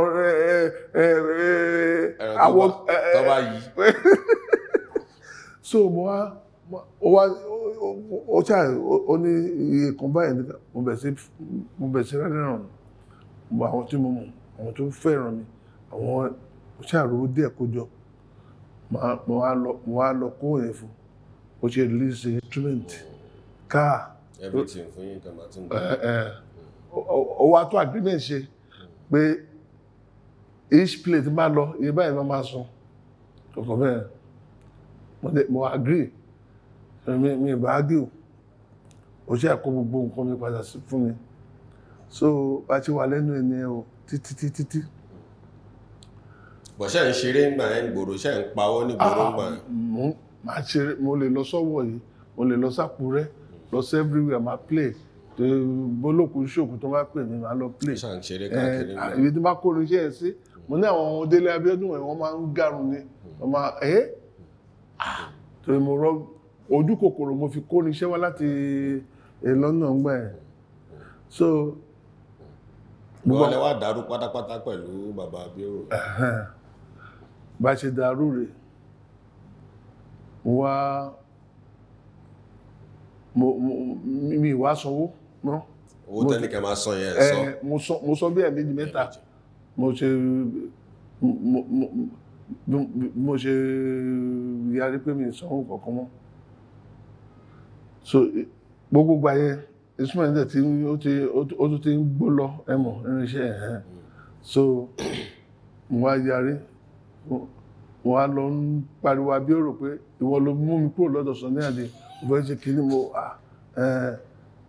[SPEAKER 2] ẹ tọ́ba yìí. so mo wá ó wá ó ṣáà ó ní iye kan báyìí níta mo bẹ̀ sí mo bẹ̀ sí rẹ́rìn-ràn mo àwọn tí mo mọ̀ àwọn tó fẹ́ràn mi àwọn ó ṣáà rówó díẹ̀ kó mo wá lọ kó yẹn fún ó ṣe release instrument. Oh car everything fún yín tẹ̀mà tí mo ó wá tó agreement ṣe pé each plate bá lọ iye báyìí máa máa san kọ̀kọ̀ bẹ́ẹ̀ mo agree mi mi bá argue ó ṣe àkó gbogbo nǹkan mi padà fún mi so bá ti wà lẹ́nu ẹni o títí títí títí
[SPEAKER 1] bọ̀ ṣe ń ṣeré ń gbà ń gbòrò ṣe ń pawọ́ ní gbòrò ń gbà.
[SPEAKER 2] Ah, ah, mo lè lọ sọ́wọ́ yìí mo lè lọ sápúrẹ́ lọ sí everywhere máa play bólókù ṣòkù tó bá pè mí máa lọ play ibi tí bá kó irinṣẹ́ ẹ sí mo ní àwọn ọmọ délé Abíọ́dún ẹ̀ wọ́n máa ń gàrún ni wọ́n máa ẹ́ torí mo rọ ojú kòkòrò mo fi kó irinṣẹ́ wá láti eh, lọ́nà ńgbà ẹ̀ so. gbogbo ọ̀lẹ́ wa
[SPEAKER 1] dàrú pátápátá pẹ̀lú bàbá
[SPEAKER 2] Abíọ́dún. bá a ṣe dàrú rèé wá mi ìwà sanwó náà owó tẹ́lẹ̀ kẹ́ máa san yẹn eh, sọ. mo sọ bí ẹ̀mí mẹ́ta mo ṣe mo ṣe yarí pé mi sanwó kankan mọ́ so gbogbo gba yẹn Ismail dẹ̀ tí ó tún ti ń gbó lọ ẹ̀mọ̀ irinṣẹ́ ẹ̀hẹ́n so mo wá yarí mo wá lọ ń pariwo abíọ́rò pé ìwọ ló mú mi kúrò lọ́dọ̀ sọ ní àdé mo fẹ́ ṣe kíní mo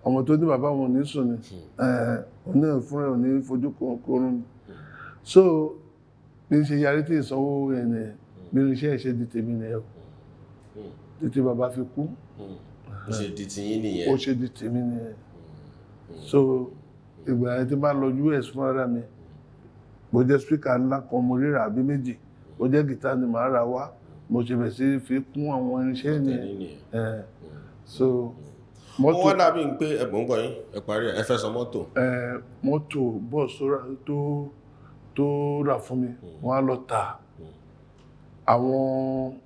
[SPEAKER 2] ọmọ tó ní bàbá wọn ní sùn ni hmm. òun náà fúnra ẹ̀ ní fojú korun hmm. so bí n ṣe yarí tí ìsanwó ẹ̀ ní hmm. bí irinṣẹ́ ìṣe di tèmi nìyẹn títí bàbá fi kú
[SPEAKER 3] ó
[SPEAKER 2] ṣe di tìyín nìyẹn ó ṣe di tèmi nìyẹn so ìgbà yẹn tí bá lọ us fúnra mi mo jẹ́ spíkà ńlá kan mo ríra àbí méjì mo jẹ́ gìtá ni màá ra wá mo ṣe bẹ̀ sí fi kún àwọn irinṣẹ́ ni mm, so mm, mm. mọ́tò wọ́n
[SPEAKER 1] dàbí ń pé ẹ̀bùn bọ̀ yín ẹ parí ẹ fẹ́ sọ mọ́tò.
[SPEAKER 2] mọ́tò bọ́ọ̀sì tó tó rà fún mi wọ́n á lọ tà àwọn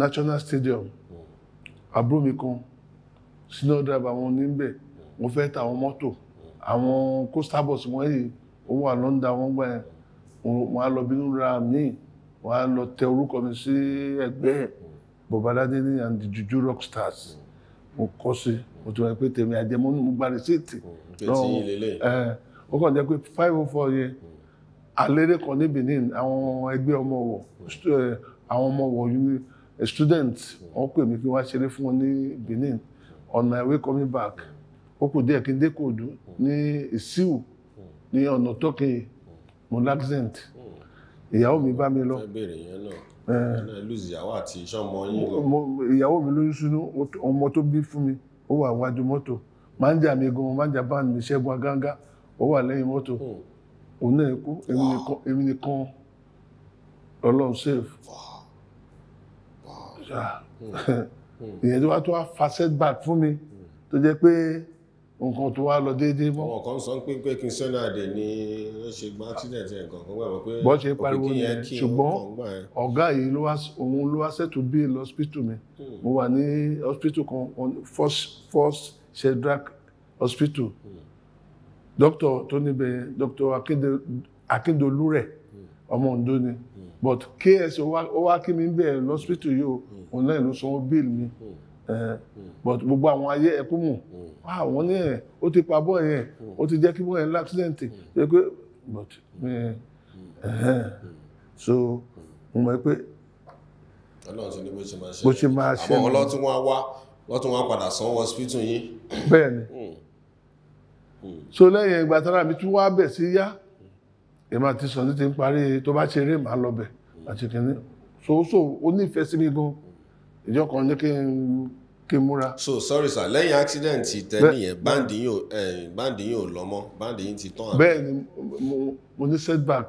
[SPEAKER 2] national stadium àbúrò mi kan senior driver wọn níbẹ̀ wọ́n fẹ́ ta àwọn mọ́tò àwọn coaster bus wọ́n yìí ó wà lọ́ndà wọ́n gbà yẹn wọ́n á lọ bínú ra míì wọ́n á lọ tẹ orúkọ mi sí ẹgbẹ́ ẹ̀ bọ̀báládé ní and the juju rock stars mo kọ́ sí mo ti wáyé pé tèmi àjẹmọ́nú mo gba rìsíìtì mm, lọ́wọ́ ó kàn jẹ́ pé five oh four yẹn àlérè mm. kan ní Benin àwọn ẹgbẹ́ ọmọ wọ̀ mm. àwọn ọmọ wọ̀ student wọ́n pè mí kí wọ́n ṣeré fún wọn ní Benin on my way coming back ó kù díẹ̀ kí n dé Kòòdú ní Ìsíwù ní ọ̀nà Tókè mo laxent. Mm -hmm ìyàwó mi bá mi lọ. ẹ bèrè yẹn náà ẹ
[SPEAKER 1] lùzì ìyàwó àti iṣẹ́ ọmọ yín lọ.
[SPEAKER 2] ìyàwó mi lóyún sínú ọmọ tó bí fún mi ó wà wájú mọ́tò máńjà mi gan máńjà bá mi ṣẹ́gun agángá ó wà lẹ́yìn mọ́tò hmm. òun náà kú èmi nìkan ọlọ́run save.
[SPEAKER 3] Hmm.
[SPEAKER 2] Hmm. ìyẹn tó wá tó wá fa setback fún mi tó jẹ́ pé nǹkan tó wá lọ déédéé mọ́.
[SPEAKER 1] ọ̀wọ̀ kan sọ pé pé kìsọ́nà àdè ni ó ṣe gbá accident ẹ̀ kankan gbà pé bọ́ ṣe pariwo ni ṣùgbọ́n
[SPEAKER 2] ọ̀gá yìí ló wá òun ló wá sẹ́tù bíi lọ hospital mi hmm. mo wà ní hospital kan first first shedrack hospital hmm. doctor tó níbẹ̀ doctor akíndolú rẹ̀ hmm. ọmọ Ondo ni but ks ó wá kí mi bẹ́ẹ̀ lọ́spítù yìí o òun náà ló sanwó bíìlì mi. Mm. Hmm. but gbogbo àwọn ayé ẹkú mù hmm. ah, àwọn ní ẹ̀ ó ti pa bọ́ yẹn hmm. ó ti jẹ́ kí bọ́ yẹn ní accident ṣe pé but eh, so mo mọ̀ pé ọlọ́run ti ní bó ṣe máa ṣe àmọ́ ọlọ́run tí
[SPEAKER 1] wọ́n wá wọ́n tún wọ́n padà sanwó hospital yín.
[SPEAKER 2] bẹ́ẹ̀ni so lẹ́yìn ìgbà tára mi tún wá bẹ̀ sí yá èmi àti sọ̀ndí ti ń parí tó bá ṣeré màá lọ bẹ̀ àti kìnní so ó nífẹ̀ẹ́ sí mi gan-an ìjọ kan jẹ́ kí n kí n múra. so sorry sir lẹ́yìn accident tẹ́lẹ̀ yẹn báńdì
[SPEAKER 1] yìí ò báńdì yìí ò lọ mọ́ báńdì yìí ti tán. bẹ́ẹ̀ ni
[SPEAKER 2] mo ní setback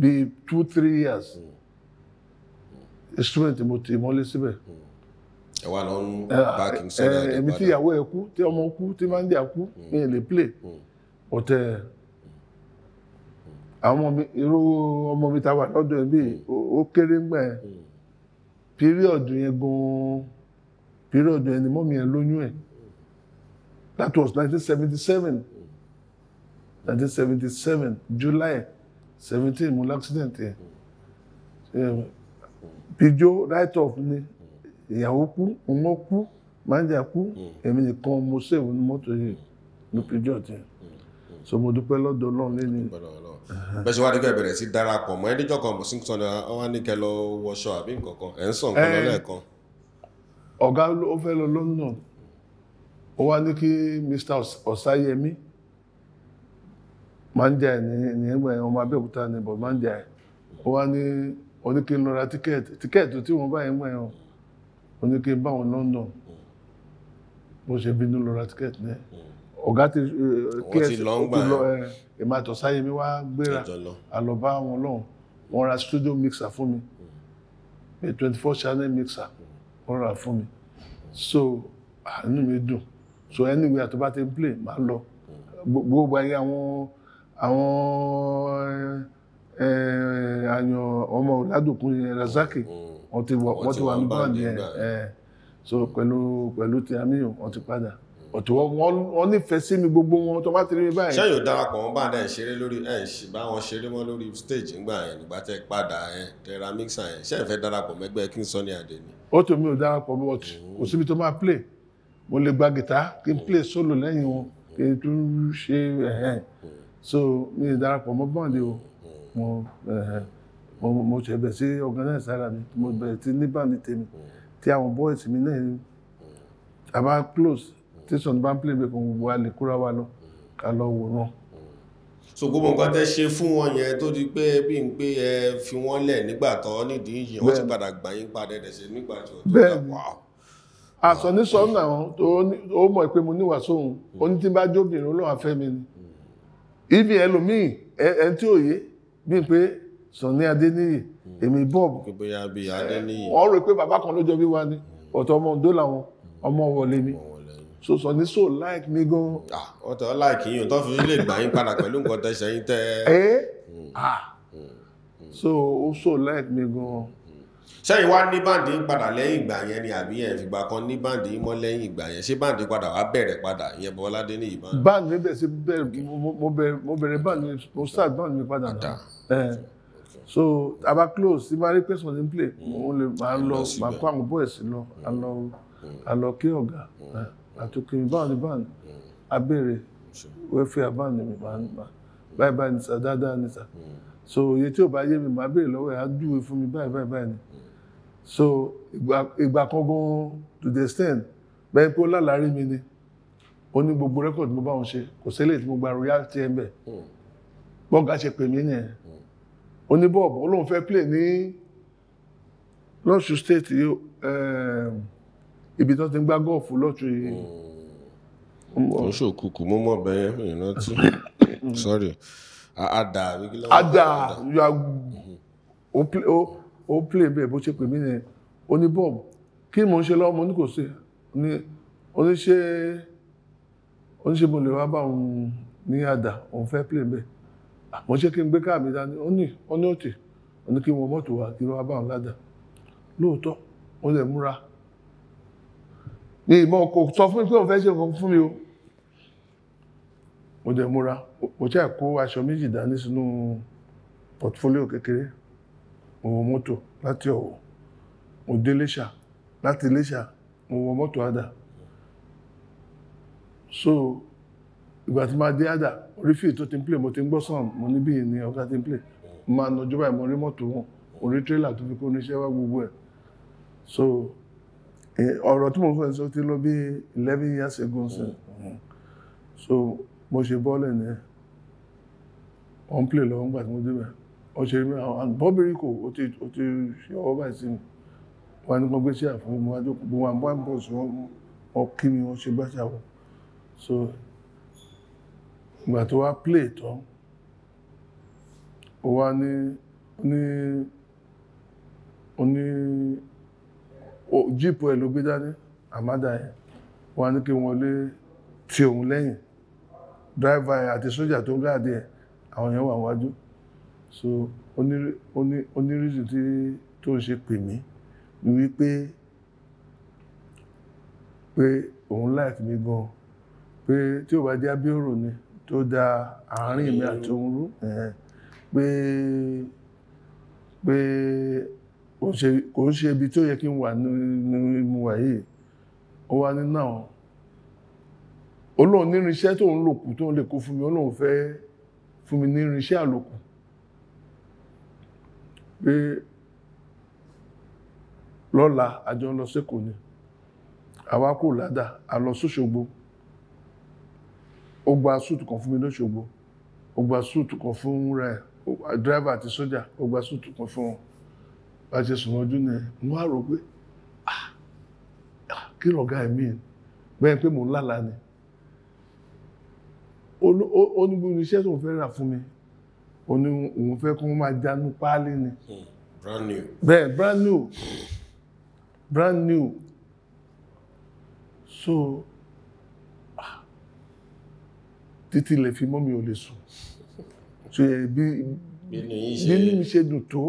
[SPEAKER 2] bíi two three years hmm. Hmm. instrument mo ti mọ́lé síbẹ̀. Hmm. ẹ wà lọ́nu eh, eh, backing soda eh, ẹ èmi tí ìyàwó ẹ kú tí ọmọ kú tí máa ń dìá kú mi ì lè play ọ̀tẹ̀ àwọn ọmọ mi irú ọmọ mi ta wà lọ́dọ̀ ẹ bíi ó kéré ń gbà ẹ́ period yẹn gan-an period yẹn ni mọ́mí yẹn lóyún ẹ̀ that was nineteen seventy seven nineteen seventy seven July seventeen mo l'accident yẹn pijó eh, right off ni ìyàwó kú ọmọ kú májà kú èmi nìkan mo sèwọ́n ní mọ́tò yìí ní pijó tiẹ̀ so mo dúpẹ́ lọ́dọ̀ Ọlọ́run lẹ́ni bẹ́sẹ̀ wá dẹ́gbẹ́ bẹ̀rẹ̀ sí
[SPEAKER 1] darapọ̀ mọ́ ẹdíjọ́ kan bùsùn sọ̀dọ̀ wọn á ní kẹ lọ wọṣọ àbí nǹkan kan ẹ̀ ń sọ nǹkan lọ lẹ́ẹ̀kan.
[SPEAKER 2] ọ̀gá ó fẹ́ lọ London ó wá ní kí Mr Ọ̀sáyẹmí máa ń jẹ ẹ̀ nígbà yẹn ọmọ Abẹ́òkúta ni bọ̀ máa ń jẹ ẹ̀ ó wá ní oníkí ń lọ tíkẹ́ẹ̀tì tíkẹ́ẹ̀tì tí wọ́n bá yẹn gbà oníkí ń bá London bó ṣe bínú lọ ra tíkẹ́ẹ̀tì náà mm. ọ̀gá ti eh, kí ẹ èmi àtọ̀sáyé mi wá gbéra àlọ́bá wọn lọ́hùn wọn ra studio mixer fún mi pé 24 channel mixer wọn ra fún mi so àánú mi dùn so anyway àtọ́bá ti ń play máa lọ gbogbo ayé àwọn àwọn eh, eh, àyàn ọmọ ọ̀làdùnkún razaki mm. wọ́n ti wà ní báwọn yẹn eh. so pẹ̀lú pẹ̀lú tí a níyàn wọ́n ti padà ọ̀tọ̀ wọn nífẹ̀ẹ́ sí mi gbogbo wọn tó bá ti rí mi báyìí. ṣẹ́yìn ò darapọ̀
[SPEAKER 1] wọn bá dẹ̀ ń ṣeré lórí ẹ̀ ń bá wọn ṣeré mọ́ lórí stage ńgbà yẹn nígbà tẹ́ padà yẹn tẹ́ra mixa yẹn ṣẹ́yìn fẹ́ darapọ̀ mẹ́gbẹ́ King Sunny Adé ni.
[SPEAKER 2] ó tó mi ò darapọ̀ mi wọ́n kò síbi tó máa play mo lè gba gìtá kí n play solo lẹ́yìn wọn kí n tún ṣe ẹ̀hẹ́n so mi ò darapọ̀ mọ́ bọ́ǹdì o mo mo ṣe bẹ̀ sí organize ara mi mo bẹ̀rẹ̀ sí ní báńdì tèmi tí àwọn boys mi náà close tẹsán tó bá ń play break òun gbogbo a lè wa lọ ká lọ wòran. so gbogbo nǹkan tẹ
[SPEAKER 1] ṣe fún wọn yẹn tó di pé bí n pé ẹ fi wọn lẹ nígbà tó nídìí yìí wọn ti padà gbà yín padà ẹ̀ ṣe nígbà tó
[SPEAKER 2] tó dà wà. àṣọ ní sọ́nà tó mọ̀ pé mo níwà sóhun oní tí bá jóbìnrin olóhùn afẹ́ mi ni ibi ẹlòmíì ẹ tí ò yé bí n pé Sọ̀ní Adéníyì èmi bob ọ̀rọ̀ pé bàbá kan ló jọ bí wa ni ọ̀tọ̀ ọmọ Oǹdó làwọn ọmọ wọlé mi so sọ ní so like mi gan.
[SPEAKER 1] wọ́n tọ́ like yín tó fi lè gbà yín padà pẹ̀lú nǹkan tẹ́ ṣe yín tẹ́. ẹ ah
[SPEAKER 2] so ó so like mi gan.
[SPEAKER 1] sẹ́yìn wá ní báǹdì ń padà lẹ́yìn ìgbà yẹn ni àbí ẹ̀ fìgbà kan ní báǹdì mọ́ lẹ́yìn ìgbà yẹn ṣé báǹdì padà wá bẹ̀rẹ̀ padà ìyẹn Bọ́ládé ní
[SPEAKER 2] ìbọn. báǹdì mi bẹ̀rẹ̀ sí bẹ̀rẹ̀ mo bẹ̀rẹ̀ báǹdì mo start báǹdì mi padà náà eh. so aba close tí bá rí pẹ̀sán ní play hmm. mo lè máa lọ máa kó àwọn bọ́ọ̀sì lọ àlọ́ àlọ́ hmm. kí ọ̀gá. Hmm. Eh àtòkè ìbáàdì báàdì
[SPEAKER 3] hmm.
[SPEAKER 2] abéèrè wẹ́fẹ́ àbáàdì mi máa ń gbà báyìí báyìí nìta dáadáa nìta hmm. so iye tí ò bá yé mi máa béèrè lọ́wọ́ ẹ̀ á júwe fún mi báyìí báyìí báyìí ni hmm. so ìgbà kan gan to the extent bẹ́ẹ̀ pé ó lálàárí mi ni ó ní gbogbo rẹ́kọ̀dì mo bá wọn ṣe kò ṣẹlẹ̀ tí mo gba royalty ẹ̀ ń bẹ̀ bọ́ọ̀gá ṣe pè mí yẹn ó ní bọ́ọ̀bù ó lóun fẹ́ play ní lọ́sùn state yìí ibi tó ti ń gbá gọ́ọ̀fù lọ́tún yìí.
[SPEAKER 1] Hmm. mo ṣòkùnkùn
[SPEAKER 2] mo mọ̀ bẹ́ẹ̀ mi rántí sorry ada ada you are o play o o play bẹ́ẹ̀ bó ṣe pè mí nìyẹn ó ní bọ́ọ̀bù kí mo ń ṣe lọ́wọ́ mo ní kò sí ní oníṣẹ́ oníṣẹ́ mo lè wá bá òun ní àdá òun fẹ́ play bẹ́ẹ̀ ah, mo ṣe kí n gbé káàmì dání ó ní ó ní òtì ó ní kí n wọ mọ́tò wá kí n wá bá òun ládàá lóòótọ́ mo lè múra ní ìmọ̀ kò sọ fún mi pé òun fẹ́ ṣe nǹkan fún mi o mo dẹ̀ múra mo tí à kó aṣọ méjì dání sínú portfolio kékeré mo wọ mọ́tò láti Ọ̀wọ̀ mo dé Iléṣà láti Iléṣà mo wọ mọ́tò àdà so ìgbà tí máa dé àdà orí fíì tó ti ń play mo ti ń gbọ́ sàn mo níbí ní ọ̀gá ti ń play mo máa nà ọjọ́ báyìí mo rí mọ́tò wọn orí tírélà tó fi kó oníṣẹ́ wá gbogbo ẹ̀ so ọ̀rọ̀ tí mo fẹ́ sọ ti lọ bí eleven years ago sẹ́ mm, mm. so mo ṣe bọ́ọ̀lù ní wọ́n ń plè lọ́wọ́ nígbà tí mo débẹ̀ wọ́n ṣe rí mi àwọn bọ́bìrì kò ó ti ṣe ọwọ́ báyìí sí mi wọ́n ní kó gbé sí àfún mi wọ́n gbogbo àwọn bọ́ọ̀lù bọ́ọ̀sì wọ́n kí mi wọ́n ṣe gbáṣà wọ́n so ìgbà tó wá plè tán ó wá ní ní ó ní jíìpù ẹ̀ ló gbé dání àmádà yẹn wọ́n á ní kí wọ́n lé ti òun lẹ́yìn dráìvà yẹn àti sójà tó ń gáàdì ẹ̀ àwọn yẹn wà wájú so onírìsì tí tó ń ṣe pè mí ni wípé pé òun láìkí mi gan pé tí ò bá jẹ́ abíòrò ni tó da àárín mi àti òun rú pé kò ń ṣe ibi tó yẹ kí n wà nínú wà yìí ó wá nínú àwọn olóhùn nírinṣẹ́ tó ń lòkù tó ń lè kó fún mi olóhùn fẹ́ fún mi nírinṣẹ́ àlòkù pé lọ́la àjọ lọ sẹ́kọ̀ọ́ ni àwa kò ládà a lọ sóṣogbo ó gba súùtù kan fún mi lóṣogbo ó gba súùtù kan fún rẹ̀ dírẹ́fà àti sójà ó gba súùtù kan fún wọn bá ṣe sùn lọ́jú ni mo wá rò pé ah, kí lọ̀gá ẹ̀mí bẹ́ẹ̀ pé mò ń lálàá ni ó ní bí iṣẹ́ tó ń fẹ́ rà fún mi ó ní òun fẹ́ kó máa janú páálí ni
[SPEAKER 1] hmm, brand new
[SPEAKER 2] bẹ́ẹ̀ brand new brand new so ah, títí lè fi mọ́ mi ò lè sùn so bí mi ṣe dùn tó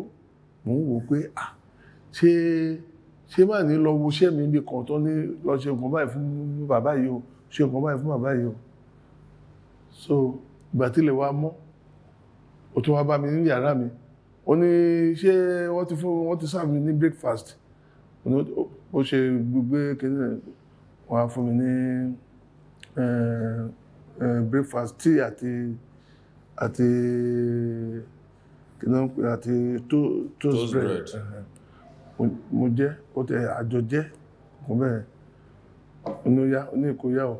[SPEAKER 2] mò ń wò pé ah ṣé ṣé má ní lọ wo iṣẹ́ mi bí kan tó ní lọ ṣe nǹkan báyìí fún bàbá yìí o ṣe nǹkan báyìí fún bàbá yìí o so ìgbà tí ilẹ̀ wa mọ́ ó tún wá bá mi ní yàrá mi ó ní ṣé wọ́n ti fún wọ́n ti serve ní breakfast ó ṣe gbogbo kíní wá fún mi ní breakfast tea àti àti kìnnà àti toast bread mo jẹ́ ó tẹ àjọ jẹ́ kò bẹ́ẹ̀ oníyá oní èkó yá o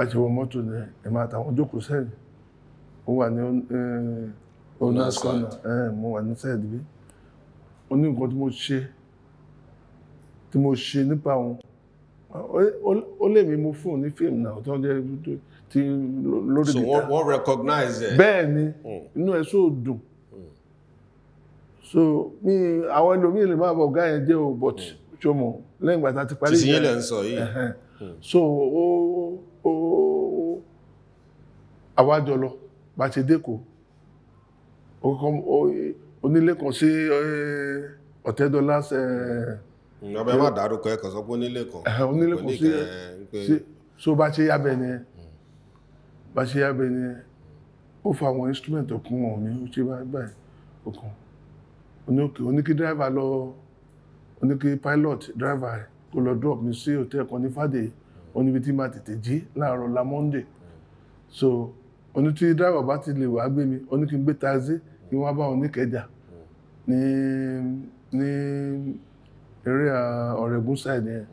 [SPEAKER 2] àṣewọ̀ mọ́tò ní ẹ̀mà àtàwọn jókòó sẹ́yìn ó wà ní owners corner mo wà ní eh, sẹ́ẹ̀dì bí ó ní nǹkan tí mo ṣe tí mo ṣe nípa òun ó lè mi mo fóun ní fíìmù náà tó ń ti lórí gita. so wọ́n wọ́n recognize ẹ̀. bẹ́ẹ̀ ni hmm. inú ẹ̀ so dùn so mi àwọn ẹlòmíì lè máa bọ̀ ọ̀gá yẹn jẹ́ o but hmm. ṣo mọ̀ lẹ́yìn ìgbà tá a ti parí. tìsí yín ń sọ yìí. Hmm. so o o àwa jọ lọ bá a ṣe dẹ́kọ̀ onílé kan sí ọ̀tẹ́dọ́lá ọbẹ̀ má dárúkọ ẹ̀ kàn sọ pé onílé kan. onílé kan sí so bá a ṣe yábẹ̀ nìyẹn bá ṣe yá bẹ́ẹ̀ ni ó fa àwọn instrument ọ̀kan wọn mi ó ṣe bá gbà ọ̀kan oníkè oníkè driver lọ oníkè pilot driver kó lọ drop mi sí hotel kan ní Fàdèyí oníbi tí máa tètè jí láàárọ̀ la Monday so oní tí driver bá ti lè wá gbé mi oníkè gbé taxi kí wọ́n bá oníkẹjà ní ní eré Ọ̀rẹ́gùn side yẹn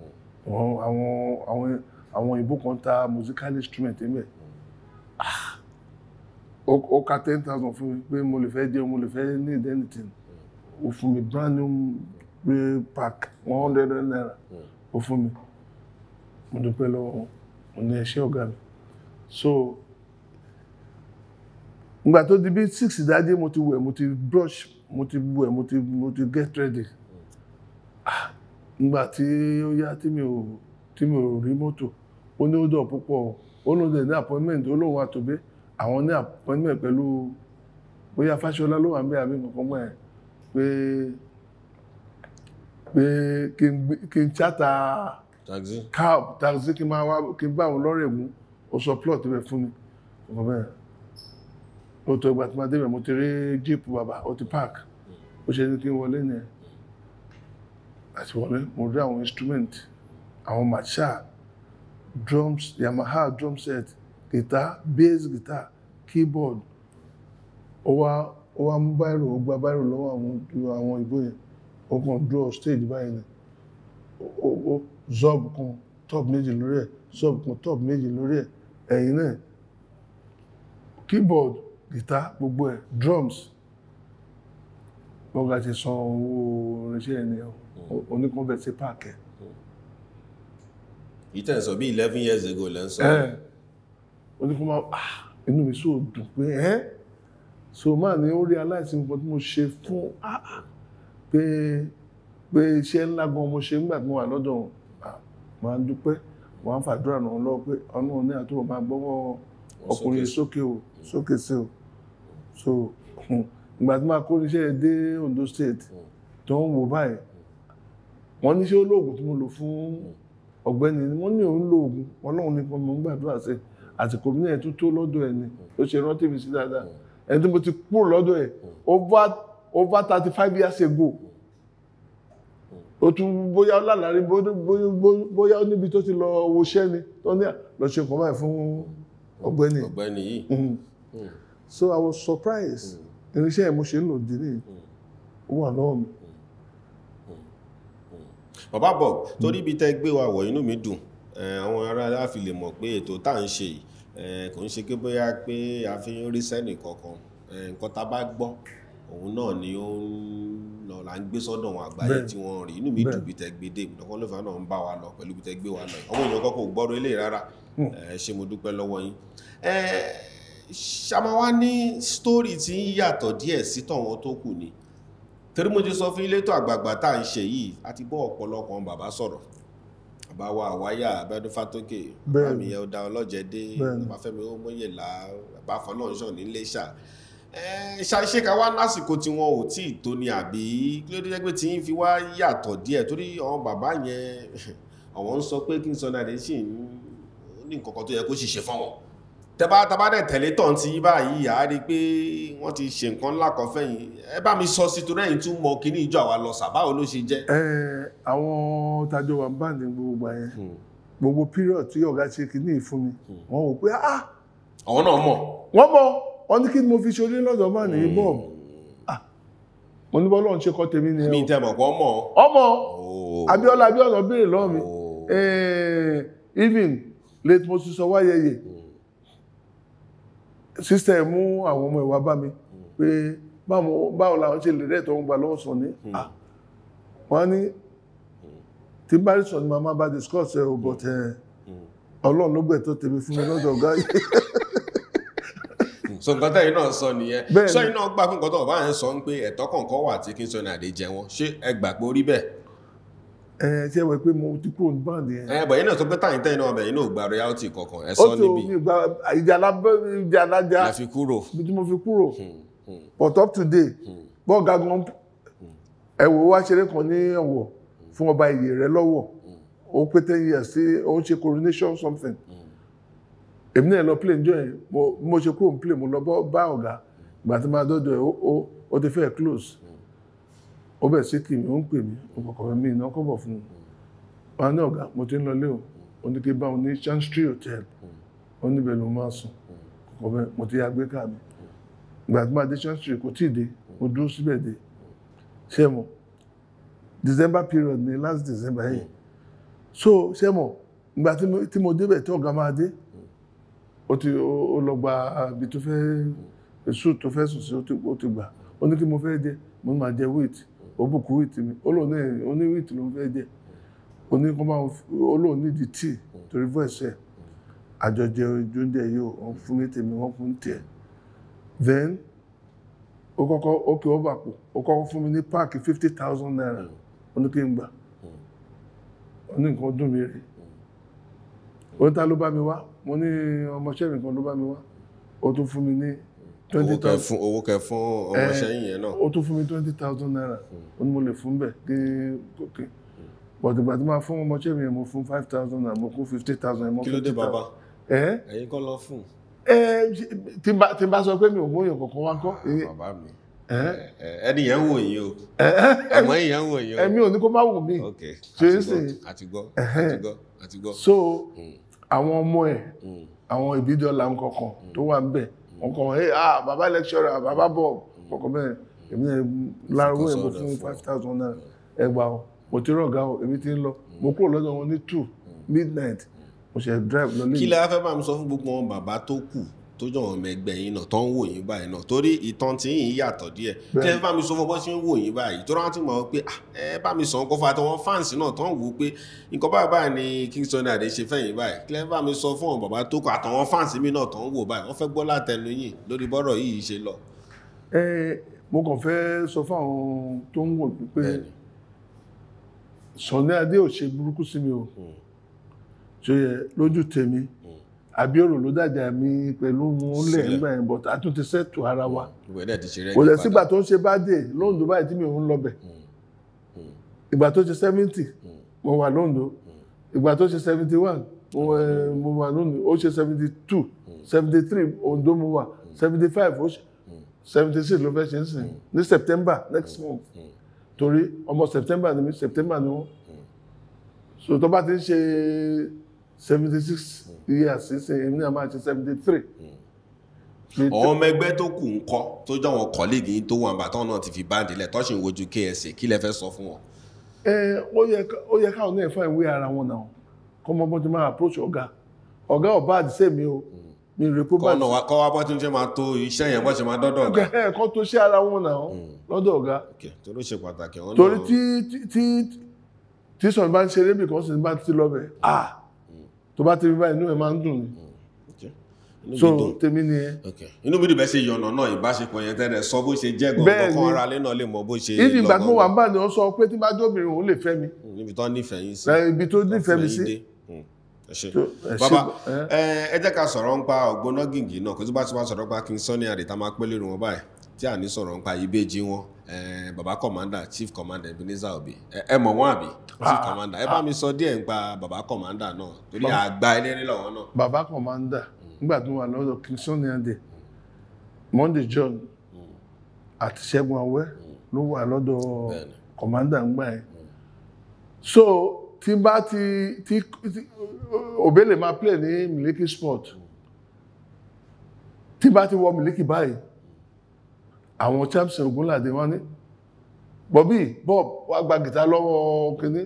[SPEAKER 2] àwọn àwọn àwọn òyìnbó kan ta musical instrument níbẹ̀ ó ka ten thousand fún mi pé mo lè fẹ́ jẹun mo lè fẹ́ need anything ó fún mi brand new ray pack one hundred naira ó fún mi mo dúpẹ́ lọ́wọ́ wọn mo ní ẹṣẹ́ ọ̀gá mi so ìgbà tó di bí six ìdájí mo ti wẹ̀ mo ti brush mo ti wẹ̀ mo ti mo ti get ready ah, ìgbà tí ó yá tí mi ò tí mi ò rí mọ́tò ó ní ó dọ̀ púpọ̀ ó lóun dẹ̀ ní appointment ó lóun wà tó bẹ́ẹ̀ àwọn ní appointment pẹ̀lú bóyá Fáṣọlá ló wà ń bẹ́ àbí nǹkan mọ́ ẹ̀ pé pé kí n chata cab taxi kí n máa wá kí n bá àwọn lọ́rẹ̀ mú ó sọ plot rẹ̀ fún mi nǹkan mọ́ ẹ̀ tó ìgbà tí máa débẹ̀ mo ti rí jíìpù bàbá ó ti park ó ṣe ní kí n wọlé yẹn àti wọlé macha drums Yamaha drum set guitar bass guitar keyboard ó wá ó wá mú báírò ó gba báírò lọ́wọ́ àwọn àwọn ìbò yẹn ó kàn draw stage báyìí ni ó zob kan top méjì lórí ẹ̀ zob kan top méjì lórí ẹ̀ ẹ̀yìn náà keyboard guitar gbogbo ẹ̀ drums wọ́n gba ti san owó irinṣẹ́ ẹni oníkanbẹ̀ sí páàkì.
[SPEAKER 1] ìtẹ̀sọ̀ bí eleven years ago lẹ́ ń sọ
[SPEAKER 2] wọ́n ti ma ah inú mi sóò dùn pé ẹ́ so máa ní ó rí aláìsí nǹkan tí mo ṣe fún ah, ah pé pé iṣẹ́ ńlá gan mo ṣe nígbà tí mo wà lọ́dọ̀ wọn ah, máa ń dúpẹ́ wọ́n á fàdúrà ràn lọ́wọ́ pé ọ̀nà ní àtúbọ̀ máa gbọ́wọ́ ọkùnrin sókè o sókè sí o so ìgbà tí máa kó níṣẹ́ dé Ondo State tó ń wò báyìí wọ́n níṣẹ́ olóògùn tí mo lò fún ọ̀gbẹ́ni wọ́n ní òun lóògùn ọlọ́run nìkan mo ń gbàdúrà sí i àsìkò mi náà tún tó lọ́dọ̀ ẹ̀ ni hmm. ó ṣe rántí mi sí dáadáa hmm. ẹni tí mo ti kúrò lọ́dọ̀ ẹ̀ hmm. over over thirty five years ago ó tún bóyá lálàrí bóyá ó níbi tó ti lọ woṣẹ́ ni tó ní lọ ṣe kọ́ báyìí fún ọ̀gbẹ́ni ọ̀gbẹ́ni yìí so i was surprised irinṣẹ́ ẹ̀ mo ṣe ń lò dé ní ó wà lọ́wọ́ mi.
[SPEAKER 1] bàbá bob torí ibi tẹ́ gbé wa wọ̀ inú mi dùn àwọn ará á fi lè mọ̀ pé ètò tá à ń ṣe yìí kò ń ṣe pé bóyá pé a fi ń rí sẹ́nì kankan nǹkan tá a bá gbọ́ òun náà ni ó ń lọ là ń gbé sọ́dọ̀ àwọn àgbáyé tí wọ́n rí inú mi dùn bí tẹ́gbédé ìdánwò lófà náà ń bá wa lọ pẹ̀lú bí tẹ́gbé wa lọ ọmọ èèyàn kọ́kọ́ gbọ́rọ̀ eléyìí rárá hmm. ṣé mo dúpẹ́ lọ́wọ́ yín ṣàmáwá ní sítórì tí ń yàtọ̀ díẹ̀ sí tọ̀wọ́n tó kù ni torí mo ti sọ fún ilé tó àgbààgbà tá à ń ṣe yìí àti bọ́ ọ̀pọ̀lọpọ̀ bàbá sọ̀rọ̀ bàbá wa àwáyà abẹ́dún fátókè àmì ọ̀dà ọlọ́jẹ̀dé bàbá fẹ́mi ọmọyẹlá bàbá fọlọ́ọ̀ṣọ́ ní iléṣà ṣàṣe ká wá lásìkò tí wọn ò tí ì tó ni àbí kí ló dé jẹ́ pé tí ń fi wá yàtọ̀ díẹ̀ torí àwọn bàbá yẹn àwọn ń sọ pé kí n sọ náà lè ṣì ń ní nǹkan kan tó yẹ kó ṣiṣẹ́ fún wọn tẹ́bá tẹ́bá dẹ̀ tẹ̀lé tọ̀hún ti báyìí yà á rí pé wọ́n ti ṣe nǹkan ńlá kan fẹ́yìn ẹ bá mi sọ sí tún mọ kíní ìjọ àwa lọ sà báwo ló ṣe jẹ́.
[SPEAKER 2] ẹ àwọn tajọ wà ń bà ní gbogbo yẹn hmm. gbogbo period tí ọ̀gá ṣe kíní fún mi hmm. wọ́n wò pé ah. àwọn náà mọ̀. wọ́n mọ̀ wọ́n ní kí ni mo fi ṣorí lọ́dọ̀ máa ní hmm. bọ́ọ̀ ah! mo ní bọ́ọ̀lù ọ̀hún ṣe kọ́ tèmi ni. mi tẹ́ mọ̀ kọ́ mọ̀. ọmọ sísẹ̀ mú àwọn ọmọ ìwà bá mi pé báwo làwọn ṣe lè rẹ́ẹ̀tọ́ ń gbà lọ́wọ́ sàn ní hmm. ah. wọ́n ní tí bá rí sàn ní màmá bá discuss ẹ̀ ò bọ̀tẹ̀ ọlọ́run ló gbẹ̀tọ́ tèmi fún mi lọ́dọ̀ ọ̀gá yìí
[SPEAKER 1] so nǹkan tẹ́yìn náà sọ nìyẹn sọ iná gbà fún nǹkan tó ọ̀bá yẹn sọ ń pé ẹ̀tọ́ kọ̀ọ̀kan wà tí kí n sọ ní àdéjẹ wọn ṣé ẹ gbà pé
[SPEAKER 2] ẹ ṣe wẹ pé mo ti kúrò ní báńdì yẹn.
[SPEAKER 1] ẹ bọ̀ yín náà tó pé táyìn tẹ́yìn náà bẹ̀ yín náà gba royalty kankan ẹ sọ níbí. ó tó mi gba ìjà alábẹ́ ìjà alájà. la
[SPEAKER 2] fi kúrò. bí mo fi kúrò. Hmm, hmm. but up to date hmm. bọ́ọ̀ gagan ẹ̀wò wá ṣeré kan ní ọ̀wọ̀ fún ọba ìyè rẹ lọ́wọ́ ó pé ten years sí ó ń ṣe coronation something èmi náà lọ play njọ́ yẹn mo ṣe kúrò ní play mo lọ bá ọ̀gá ìgbà tí máa dọ́dọ̀ ẹ̀ ó ti fẹ́ close ó bẹ̀ sí kìmí ó ń pè mí òkòkòrò mi iná kọ́bọ̀ fún un wọn ní ọ̀gá mo ti ń lọ lé o ó ní kí bá wọn ní chancery hotel ó níbẹ̀ ló máa sùn kọ̀kọ́ bẹ́ẹ̀ mo ti ya gbé mi ìgbà tí máa dé chancery kò tí ì dé mo dúró síbẹ̀ dé ṣé december period ni last december yìí so ṣé mo ìgbà tí mo débẹ̀ tí ọ̀gá máa dé ó ti ó lọ gba ibi tó fẹ́ sùn tó fẹ́ sùn sí ó ti gbà ó ní kí mo fẹ́ dé mo máa jẹ wíìtì ó bùkú wìtì mi ó lòun náà oní wìtì ló ń fẹ́ jẹ oní kó máa ó lòun nídìí tíì torí fún ẹ̀sẹ̀ àjọjẹ ojú ń dẹ̀ fún ní tèmi wọ́n fún tiẹ̀ then ó kọ́kọ́ ó kí ó bà pò ó kọ́kọ́ fún mi ní páàkì fifty thousand naira ó ní kí n gbà ó ní nǹkan dùn mí rè ó ní ta ló bá mi wá mo ní ọmọọṣẹ́ mi kan ló bá mi wá ó tún fún mi ní twenty thousand owó kẹ fún ọmọ sẹ́yìn yẹn náà. ó tún fún mi twenty thousand naira hmm. ó ní mo lè fún bẹ̀ dé gòkè pọ̀tùgbà tí máa fún ọmọ ṣẹ́mi yẹn mo fún five thousand naira mo kún fifty thousand naira mo fún fifty thousand. kí ló dé bàbá ẹ̀yin kọ́ lọ fún. tí n bá sọ pé mi ò gbóyàn kankan wá kọ́. Ah, bàbá mi
[SPEAKER 1] ẹni yẹn wò yín o
[SPEAKER 2] ọmọ yìí yẹn wò yín o ẹmí ò ní kó má wò mí
[SPEAKER 3] ṣe é sè
[SPEAKER 2] é so hmm. àwọn ọmọ ẹ hmm. àwọn ìbídọ́là ń kọkàn tó wà ń bẹ̀ wọn kàn hey ah bàbá lecturer bàbá bob hmm. ọkọ̀ bẹ́ẹ̀ èmi náà lárúgbó èmi fún five thousand naira ẹgbàá o mo ti rọ̀gá o èmi ti ń lọ mo kúrò lọ́dọ̀ wọn ní two hmm. midnight mo ṣe drive lọ lẹ́yìn. kí lè fẹ́ máa sọ fún gbogbo wọn bàbá tó kù tó jọ àwọn ọmọ
[SPEAKER 1] ẹgbẹ́ yín náà tó ń wò yín báyìí náà torí ìtàn tí yín yàtọ̀ díẹ̀ tí ẹ bá mi sọ fún bọ́ ṣe ń wò yín báyìí tó rántí mọ̀ pé ah, ẹ bá mi sọ nǹkan fún àtàwọn fáǹsì náà tó ń wò pé nǹkan báyìí báyìí ni King Sunny Adé ṣe fẹ́yìn báyìí tí ẹ bá mi sọ fún bàbá tó kọ àtàwọn fáǹsì mi náà tó ń wò báyìí wọ́n fẹ́ gbọ́ látẹnu yín lórí bọ́rọ̀ yìí ṣe lọ.
[SPEAKER 2] ẹ mo kàn fẹ́ sọ fún tó ń wò àbíòrò ló dàjà mi pẹ̀lú múlẹ̀ nígbà yẹn bọ̀tà a tún ti sẹ́tù ara wa
[SPEAKER 1] mm. kò lẹ̀ sígbà
[SPEAKER 2] tó ń ṣe bájẹ́ lóńdó báyìí tí mi ò ń lọ bẹ̀ mm. Mm. ìgbà tó ṣe seventy mo wà lóńdó ìgbà tó ṣe seventy one eh, mo wà lóńdó ó ṣe seventy two seventy three Oǹdó mo wà seventy five ó ṣe seventy six ló fẹ́ ṣe ń sìn ní September next month torí ọmọ September ni mi September ni wọ́n so tó bá ti ń ṣe seventy six years sísè èmi náà máa ṣe seventy three. Hmm. àwọn ọmọ
[SPEAKER 1] ẹgbẹ́ tó kù ń kọ́ tó jọ àwọn kọ́líìgì yín tó wọn àbátan náà ti fi báńdì lẹ̀ tọ́sí ìwojú KSA kí lẹ fẹ́ sọ fún wọn.
[SPEAKER 2] ẹ ó yẹ káwọn náà fáwọn ìwé ara wọn náà kọ́ mọ́ bọ́n ti máa approach ọ̀gá ọ̀gá ọ̀bá àdìsẹ́ hmm. mi o mi rè kó báyìí. kọ́nà
[SPEAKER 1] kọ́ wa bọ́ tí ń ṣe máa
[SPEAKER 2] tó iṣẹ́ yẹn bọ́ ṣe máa dọ́dọ̀ ọ̀gá. ẹ kọ́ tó ṣe ara wọn náà hmm. lọ́dọ̀ ọ̀gá. torí ṣe pàtàkì ọ̀hún náà. torí tí tí tí sọ̀rọ̀ bá ń ṣeré bìkan sì ń bá ti lọ bẹ̀ ah tó bá ti rí báyìí inú ẹ̀ máa ń dùn ni mm, so tèmi ni ẹ.
[SPEAKER 1] inú bí dùbẹ́ ṣe yọ̀nà náà ìbáṣepọ̀ yẹn tẹ́lẹ̀ sọ bó ṣe jẹ́ gbọ̀ngàn kan ara lé náà lè mọ bó ṣe lọ́gbọ̀n. ìdìgbà tó wà
[SPEAKER 2] ń bà ní ọ sọ pé tí bá jóbìnrin òun lè fẹ́ mi.
[SPEAKER 1] ibi mm, tó nífẹ̀ẹ́ yín
[SPEAKER 2] sí. ibi tó nífẹ̀ẹ́ mi sí mm, ṣe bàbá
[SPEAKER 1] ẹ jẹ́ ká sọ̀rọ̀ nípa Ògbónná Gìgì náà kó tó bá ti máa sọ̀rọ̀ nípa King Sunny Adé tá máa pẹ́ lérò wọn báyìí tí à ní sọ̀rọ̀ nípa ìbejì wọn Eh, baba commander chief commander Ebenezer Obi eh, ẹ mọ̀ wọ́n àbí chief ah. commander ẹ bá mi sọ díẹ̀ nípa baba commander náà torí àgbà eléré lọ́wọ́ náà.
[SPEAKER 2] baba commander nígbà tó wà lọ́dọ̀ kingston yande monday john àti ṣẹ́gun awẹ́ ló wà lọ́dọ̀ commander ńgbà yẹn so tí bá ti ti obele máa play ní miliki sport tí bá ti wọ miliki báyìí àwọn Champion Ogunlade wọ́n ní Bobby Bob wá gba gìtá lọ́wọ́ kìíní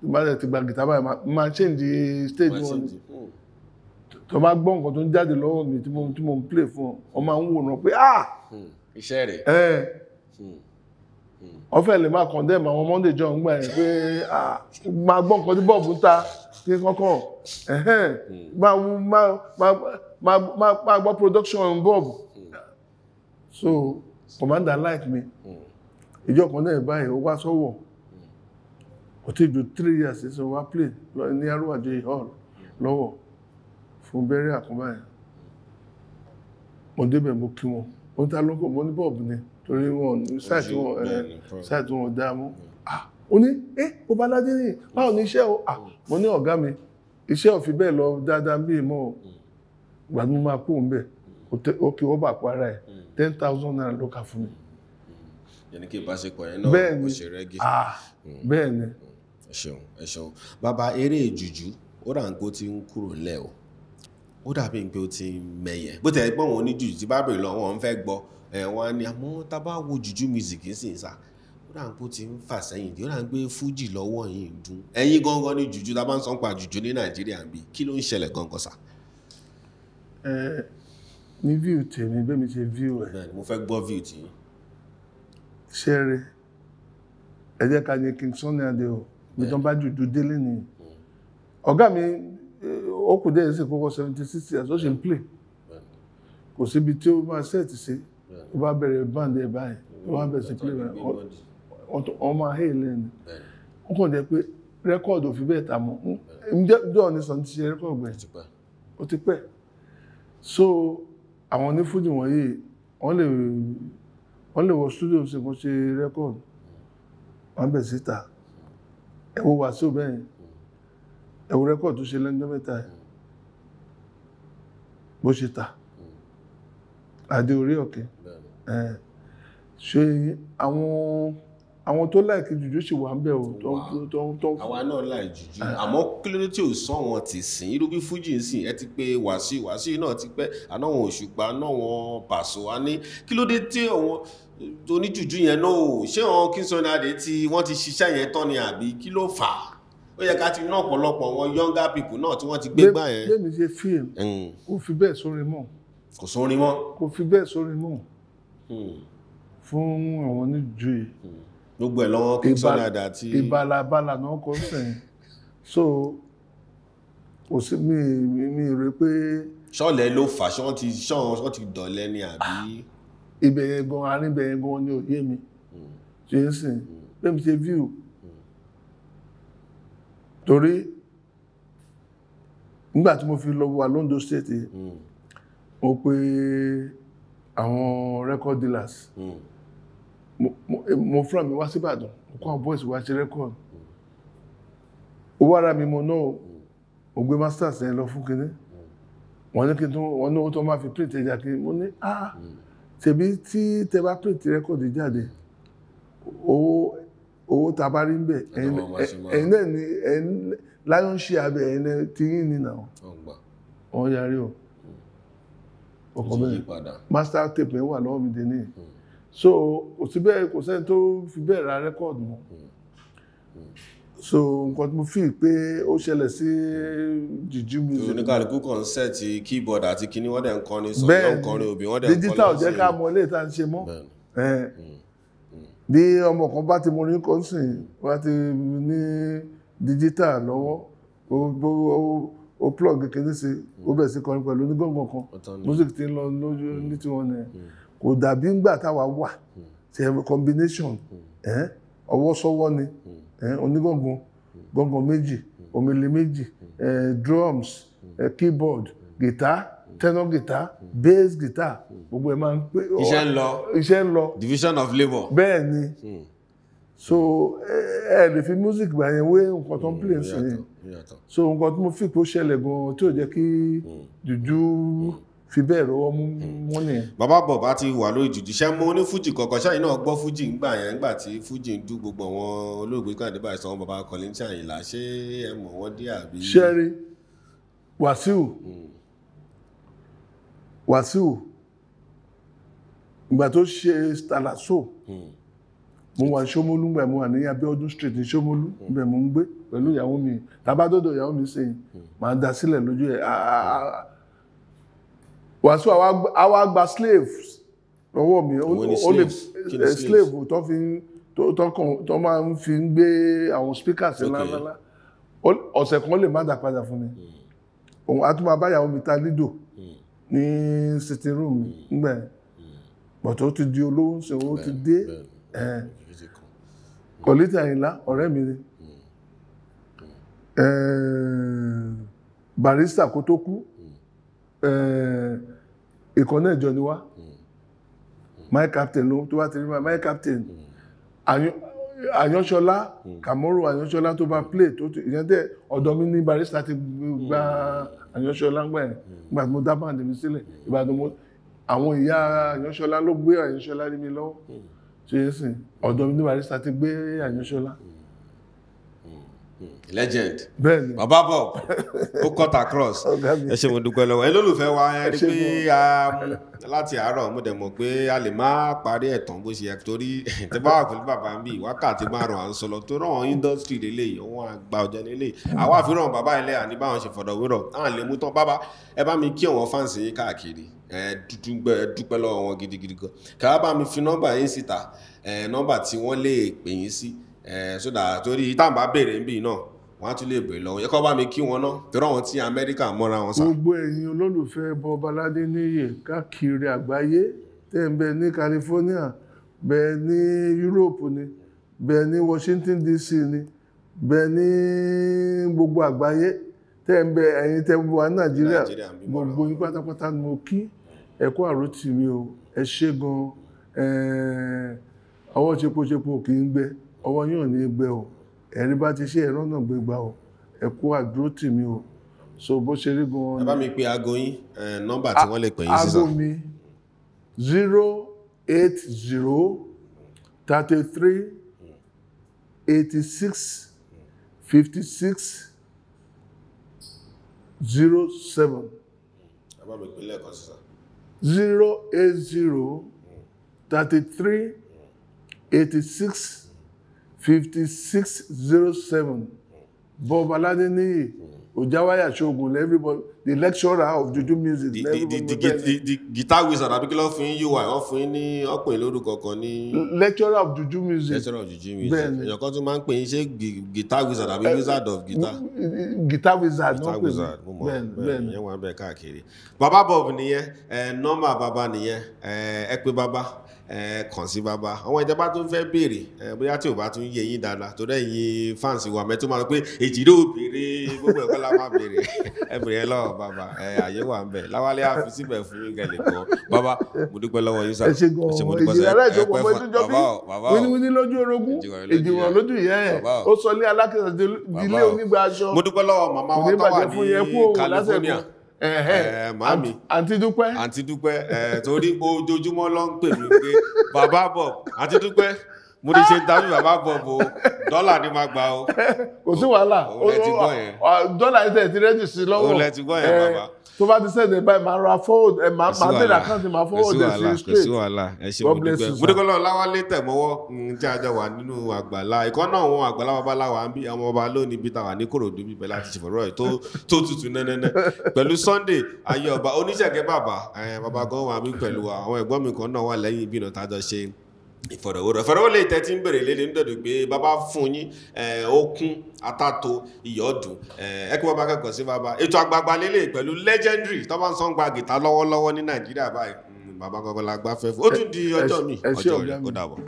[SPEAKER 2] tó bá ti gba gìtá báyìí máa change stage wọn ni hmm. tó bá gbọ́ nǹkan tó ń jáde lọ́wọ́ mi tí mo ń play fún ọ máa ń wòran pé ah
[SPEAKER 3] hmm, iṣẹ́ rẹ̀ ẹ̀ hmm,
[SPEAKER 2] ọ̀fẹ́ lè máa condemn àwọn Monday John gbà yẹn pé ah máa gbọ́ nǹkan tí Bob ń ta kí kọ́kọ́ máa máa máa gbọ́ production Bob so commander like me ìjọ kan náà báyìí ó wá sọ́wọ́ kò tí ju three years sí wá play ní arúwàjọ hall lọ́wọ́ fún bẹ́rẹ̀ àkọ́bá yẹn mo débẹ̀ mo kí wọn mo ta lóko mo ní bọ́ọ̀bù ni torí wọn ṣáàtì wọn ṣáàtì eh, wọn dá mú o hmm. ah, ní ẹ eh, o bá ládé ní báwo ni iṣẹ́ o ah, mo ní ọ̀gá mi iṣẹ́ ò fi bẹ́ẹ̀ lọ dáadáa bíi mọ́ ọ hmm. gbàdúrà máa kú òun bẹ́ẹ̀ ó kí wọ́n bà pa ara ẹ̀ hmm. ten thousand naira ló kà fún mi. Hmm.
[SPEAKER 1] yẹnni kí ìbáṣepọ̀ yẹn náà ó ṣe rẹ́gí. Ah, hmm. bẹ́ẹ̀ ni. ẹ ṣeun ẹ ṣeun bàbá eré ìjùjú ó rà ń kó ti ń kúrò lẹ́ o ó dàbí pé ó ti mẹ̀yẹ bó tẹ̀ gbọ́n wọn ní jùjú tí bá bèrè lọ wọn ń fẹ́ gbọ́ ẹ̀ wọn ni àmọ́ tá a bá wo jùjú music sì ń sà ó rà ń kó ti ń fà sẹ́yìn tí ó rà ń gbé fújì lọ́wọ́ yìí dún ẹ̀yin gangan ní jùjú tá a bá ń sọ pa jùjú ní nàìjíríà ń kí ló ń ṣẹlẹ̀ gangan sà
[SPEAKER 2] ní view tèmi bẹ́ẹ̀ mi ṣe view ẹ̀. bẹ́ẹ̀ni mo fẹ́ gbọ́ view tí. ṣeré ẹ jẹ́ ká ní King Sunny Adé o ibi tó ń bá jùjú délé nìyí ọ̀gá mi ó kù díẹ̀ sí kókó seventy six years ó ṣe ń play kò síbi tí ó máa ṣẹ́ẹ̀tì sí ó bá bẹ̀rẹ̀ band ẹ̀ báyìí ó bá bẹ̀rẹ̀ sí play báyìí ọmọ ahé lẹ́nu ó kàn jẹ́ pé rẹ́kọ̀dù òfin bẹ́ẹ̀ tà mọ́ ǹjẹ́ ọ̀nìsàn ti ṣe rẹ́kọ̀dù gbẹ̀ ó ti pẹ́ so àwọn onífújì wọ̀nyí wọ́n lè wọ́n lè wọ studio ṣe kó ṣe rẹ́kọ̀dù wọ́n bẹ̀ síta ẹ wo Wasiu bẹ́ẹ̀ ẹ wo ṣe lẹ́jọ́ mẹ́ta ẹ̀ bó ṣe ta àdé orí ọ̀kẹ́ ṣe àwọn àwọn tó láìkí jùjú sì wà ń bẹ̀ o tó ń tó. àwa náà
[SPEAKER 1] láì jùjú ah. àmọ́ kí ló dé tí ò sàn wọn ti sìn irú bí fújì ń sìn ẹ ti pé wàsíù wàsíù náà ti pẹ́ àná wọn òṣùpá náà wọn pàṣọ wa ní kí ló dé tí àwọn oníjùjú yẹn náà ò ṣé wọn kí n sọ ní adé tí wọ́n ti ṣiṣẹ́ yẹn tán ni àbí kí ló fà á ó yẹ ká ti ná ọ̀pọ̀lọpọ̀ wọn younger people
[SPEAKER 2] náà tí wọ́n ti gbé gbà yẹn. bẹ́ẹ̀ mi gbogbo ẹ̀ lọ́wọ́ King Sunny àti ìbalabala náà kọ́ sẹ́yìn so kò sí mi mi rè pé.
[SPEAKER 1] sọ́ọ̀lẹ̀ ló fà ṣọ́ọ̀ ti ṣọ́ọ̀ ti dọ̀lẹ́
[SPEAKER 2] ni àbí. ìbẹ̀yẹn ah, gan arín bẹ̀yẹn gan ni òye hmm. hmm. mi ṣe é sìn lẹ́mi ṣe view hmm. torí nígbà tí mo fi lọ wà London state mo pe àwọn record dealers. Mm mo eh, fúnra mi wá síbàdàn mo kọ́ àwọn bọ́ọ̀sì wá ṣe rẹ́kọ̀dù owó ara mi mo náà mo gbé masters yẹn lọ fún kinní wọ́n ní kí tó wọ́n ní owó tó máa fi print ẹja kí mo ní ah tèmi tí tẹ bá print rẹ́kọ̀dù jáde owó owó tá a bá rí ń bẹ̀ ẹ̀yin náà ni ẹ̀yin lion ṣe abẹ ẹ̀yin náà ti yín ni náà wọ́n yarí o hmm. ọkọ̀ bẹ́ẹ̀ master tape yẹn wà lọ́wọ́ mi dé ní. Hmm so kò sí bẹ́ẹ̀ kò sẹ́ni tó fi bẹ́ẹ̀ ra rẹ́kọ̀dù mọ́ so nǹkan tí mo fi pé ó ṣẹlẹ̀ sí jùjú music. oníkàlùkù
[SPEAKER 1] kọ́nsẹ́ẹ̀tì keyboard àti kíní wọ́n dẹ̀ ń kọrin sọ wọ́n ń kọrin òbí wọ́n dẹ̀ ń kọrin sí i. digital jẹ́ ká
[SPEAKER 2] mọ ilé ìta ń ṣe mọ́ mm. bí ọmọ kan bá ti mọ orin kan sìn wá ti ní digital lọ́wọ́ o plug kékeré sí i ó bẹ̀rẹ̀ sí kọrin pẹ̀lú onígbọ̀ngàn kan music ti ń lọ lójú mm. ní tiwọn nìyẹn. Mm kò dàbí ńgbà táwa wà ṣe combination
[SPEAKER 3] hmm.
[SPEAKER 2] ọwọ́ sọ́wọ́ ni
[SPEAKER 3] hmm.
[SPEAKER 2] onígọ̀ngàn hmm. gọ̀ngàn méjì omele méjì drums keyboard guitar tenor guitar bass guitar gbogbo ẹ̀ máa ń pé iṣẹ́ ń lọ
[SPEAKER 1] iṣẹ́ ń lọ division of labour
[SPEAKER 2] bẹ́ẹ̀ ni so ẹ lè fi music gbà yẹn wé nǹkan tó ń play sí so nǹkan tí mo fi kó ṣẹlẹ̀ gan-an tí ò jẹ́ kí jùjú fi bẹ́ẹ̀ rọwọ́ mú hmm. mú nìyẹn.
[SPEAKER 1] bàbá bọ̀bá ti wà lórí jùdíṣẹ́ mọ́ ní fújì kọ̀ọ̀kan ṣáà iná gbọ́ fújì ńgbà yẹn ńgbà tí fújì ń dú gbogbo àwọn olóògbé káàdé báyìí sọ wọn bàbá Collins Àyìnlá ṣé ẹ mọ̀ wọ́n dé àbí.
[SPEAKER 2] ṣẹ́rí Wàsíù hmm. Wàsíù ìgbà tó ṣe stalaso hmm. mo wà ní Ṣómólú mo wà ní Abíọ́dún street ní Ṣómólú ibẹ̀ mo ń gbé pẹ̀lú ìyàwó mi tàbádọ́dọ̀ ìyàwó mi sẹ́yìn màá da sílẹ̀ lójú ẹ̀ wàásù àwa gba slaves lọ́wọ́ mi ó lè eh, slave tó fi tó máa ń fi ń gbé àwọn speakers ńláńlá ọ̀sẹ̀ kan lè má dà padà fún mi hmm. òun á tún máa báyàwó mi ta lido hmm. ní sitting room ńgbẹ̀ hmm. bọ̀tọ̀ ó ti di olówó ṣe ó ti dé eh. kọ̀lítì àyìnlá ọ̀rẹ́ mi ni
[SPEAKER 3] eh,
[SPEAKER 2] barista kó tó kú ìkan náà jọ ni wá my captain ló tó bá ti rí my captain àyànṣọlá kàmọ́rò àyànṣọlá tó bá play tó ìyẹn tẹ ọ̀dọ̀ mi ní barista ti gba àyànṣọlá ń gbà yẹn nígbà tí mo dá báńdì mi sílẹ̀ ìbàdàn mo àwọn ìyá àyànṣọlá ló gbé àyànṣọlá ní mi lọ́wọ́ ṣe é sìn ọ̀dọ̀ mi ní barista ti gbé àyànṣọlá legend Baba bọ̀
[SPEAKER 1] O cut across ẹ ṣe mo dúpẹ́ lọ́wọ́ ẹ lólùfẹ́ wa ẹ rí pé a láti àárọ̀ mo dẹ̀ mọ̀ pé a lè má parí ẹ̀tàn bó ṣe yẹ torí tẹ bá wà pẹ̀lú bàbá mi wákàtí márùn à ń sọlọ tó ràn industry lélẹ̀ òun àgbà ọ̀jẹ̀ lélẹ̀ àwa àfihàn bàbá ilẹ̀ àní báwọn ṣe fọ̀dọ̀ wérọ̀ náà lè mú tán bàbá ẹ bá mi kí àwọn fáǹsì yín káàkiri ẹ dúpẹ́ lọ́wọ́ wọn gidigidi gan kàá bá mi fi nọ́mbà yín síta nọ́mbà tí wọ́n lè pè yín sí Eh, so that torí táwọn bá béèrè níbí náà wọ́n á tún lè béèrè lọ́wọ́ yẹ kó bá mi kí wọn náà torí àwọn tí amẹ́ríkà mọ́ra wọn sá.
[SPEAKER 2] gbogbo ẹ̀yin olólùfẹ́ Bob Aládéníyì káàkiri àgbáyé tẹ́ ń bẹ ní California bẹ́ẹ̀ ní Europe ni bẹ́ẹ̀ ní Washington DC ni bẹ́ẹ̀ ní gbogbo àgbáyé tẹ́ ń bẹ ẹ̀yin tẹ́ ń bọ̀ Nàìjíríà gbogbo yín pátápátá ni mo kí ẹ àròtì mi o ẹ ṣé gan-an eh, ọwọ́ ṣepoṣepo kì í gbẹ ọwọ́ yín ò ní gbẹ o ẹ̀rí bá ti ṣe ẹ̀rọ gbégbá o ẹ àdúró tì mí o so bó ṣe rí gan-an. ẹ bá mi pe aago yín nọ́mbà tí wọ́n lè pè yín sísan. aago mi zero eight zero thirty three eighty six fifty six zero seven.
[SPEAKER 1] ẹ bá mi pe lẹ́ẹ̀kan sísan.
[SPEAKER 2] zero eight zero thirty three eighty six. 5607 Bob Aladeniyi, Ojawaya Shogun, everybody, the lecturer of Juju music. The, the, the,
[SPEAKER 1] the, the guitar wizard, àbíkí lọ́ fún yín you. wọ́n fún yín ní ọ̀pìn lórúkọ kan
[SPEAKER 2] Lecturer of Juju music. Lecturer of Juju music.
[SPEAKER 1] Bẹ́ẹ̀ni. Èèyàn kan tún máa ń pè guitar wizard àbí eh, wizard of guitar.
[SPEAKER 2] Guitar wizard Guitar wizard mo mọ̀ bẹ́ẹ̀ni
[SPEAKER 1] ìyẹn wà bẹ́ẹ̀ káàkiri. Bàbá Bob nìyẹn, eh, nọ́mbà bàbá nìyẹn, eh, ẹ pé kàn sí bàbá àwọn ìjọba tó fẹ́ béèrè bóyá tí ò bá tún yé yín dáadáa tó dẹ̀ yín fáǹsì wa mẹ́tò máa pé èjìdó béèrè gbogbo ẹ̀kọ́ la máa béèrè ẹ béèrè lọ́wọ́ bàbá àyè wà ń bẹ̀ láwálé àfi síbẹ̀ fún gẹ̀lẹ́ kan bàbá mo dúpẹ́ lọ́wọ́ yín sá ẹ̀ṣẹ̀ gan ọ̀hún èjìdó aláìsókò fún ẹtújọ́ bí wíníwíní
[SPEAKER 2] lójú orogún
[SPEAKER 1] èjìwọ̀n lójú ìyẹn ó
[SPEAKER 2] sọ
[SPEAKER 3] ní
[SPEAKER 1] ẹ màmí àǹtí dúpẹ́ àǹtí dúpẹ́ ẹ torí ojoojúmọ́ ló ń pè mí pé bàbá bob àǹtí dúpẹ́ mo ti ṣe dábì bàbá bob
[SPEAKER 2] o dọ́là ni màá gbà o kò sí wàhálà dọ́là ẹ̀ tẹ̀ ti rẹ́jì sí lọ́wọ́ òun lẹ ti gbọ́ yẹn bàbá tó bá ti sẹ́ni báyìí máa ra forward ẹ̀ máa máa bẹ̀rẹ̀ àkáǹtì máa forward
[SPEAKER 1] ẹ̀ sí straight. kò sí wàhálà ẹ ṣe mo dúpẹ́ mo dúpẹ́ lọ́wọ́ láwálé tẹ̀mọ́wọ́ mm, tí a jọ wà nínú àgbàlá ikọ́ náà wọn àgbàlá babaláwa ń bí àwọn ọba lónìí bí tàwa ní kòròdú bíbẹ̀ láti ṣèfọ̀rọ̀ ẹ̀ tó tutù nẹ́nẹ́nẹ́ pẹ̀lú Sunday ayé ọba oníṣẹ̀gẹ́ bàbá bàbá gan wà mí pẹ̀lú àwọn ẹ̀gbọ́n mi kan náà wà lẹ́yìn ìbínú tájọ ṣe ìfọ̀rọ̀wérọ̀ ìfọ̀rọ̀wérọ̀ lè tẹ́tí ń bèrè léde nítorí pé bàbá fún yín okun atato ìyọ́dún ẹkún bàbá kẹ́kọ̀ọ́ sí bàbá ètò àgbààgbà lélẹ̀ pẹ̀lú legendary tó bá ń sọ ń gba gìtá lọ́wọ́lọ́wọ́ ní nàìjíríà báyìí hmm, bàbá kọ́kọ́ la gbá fẹ́ fún ó di ọjọ́ mi ọjọ́ rẹ̀ ó dàbọ̀.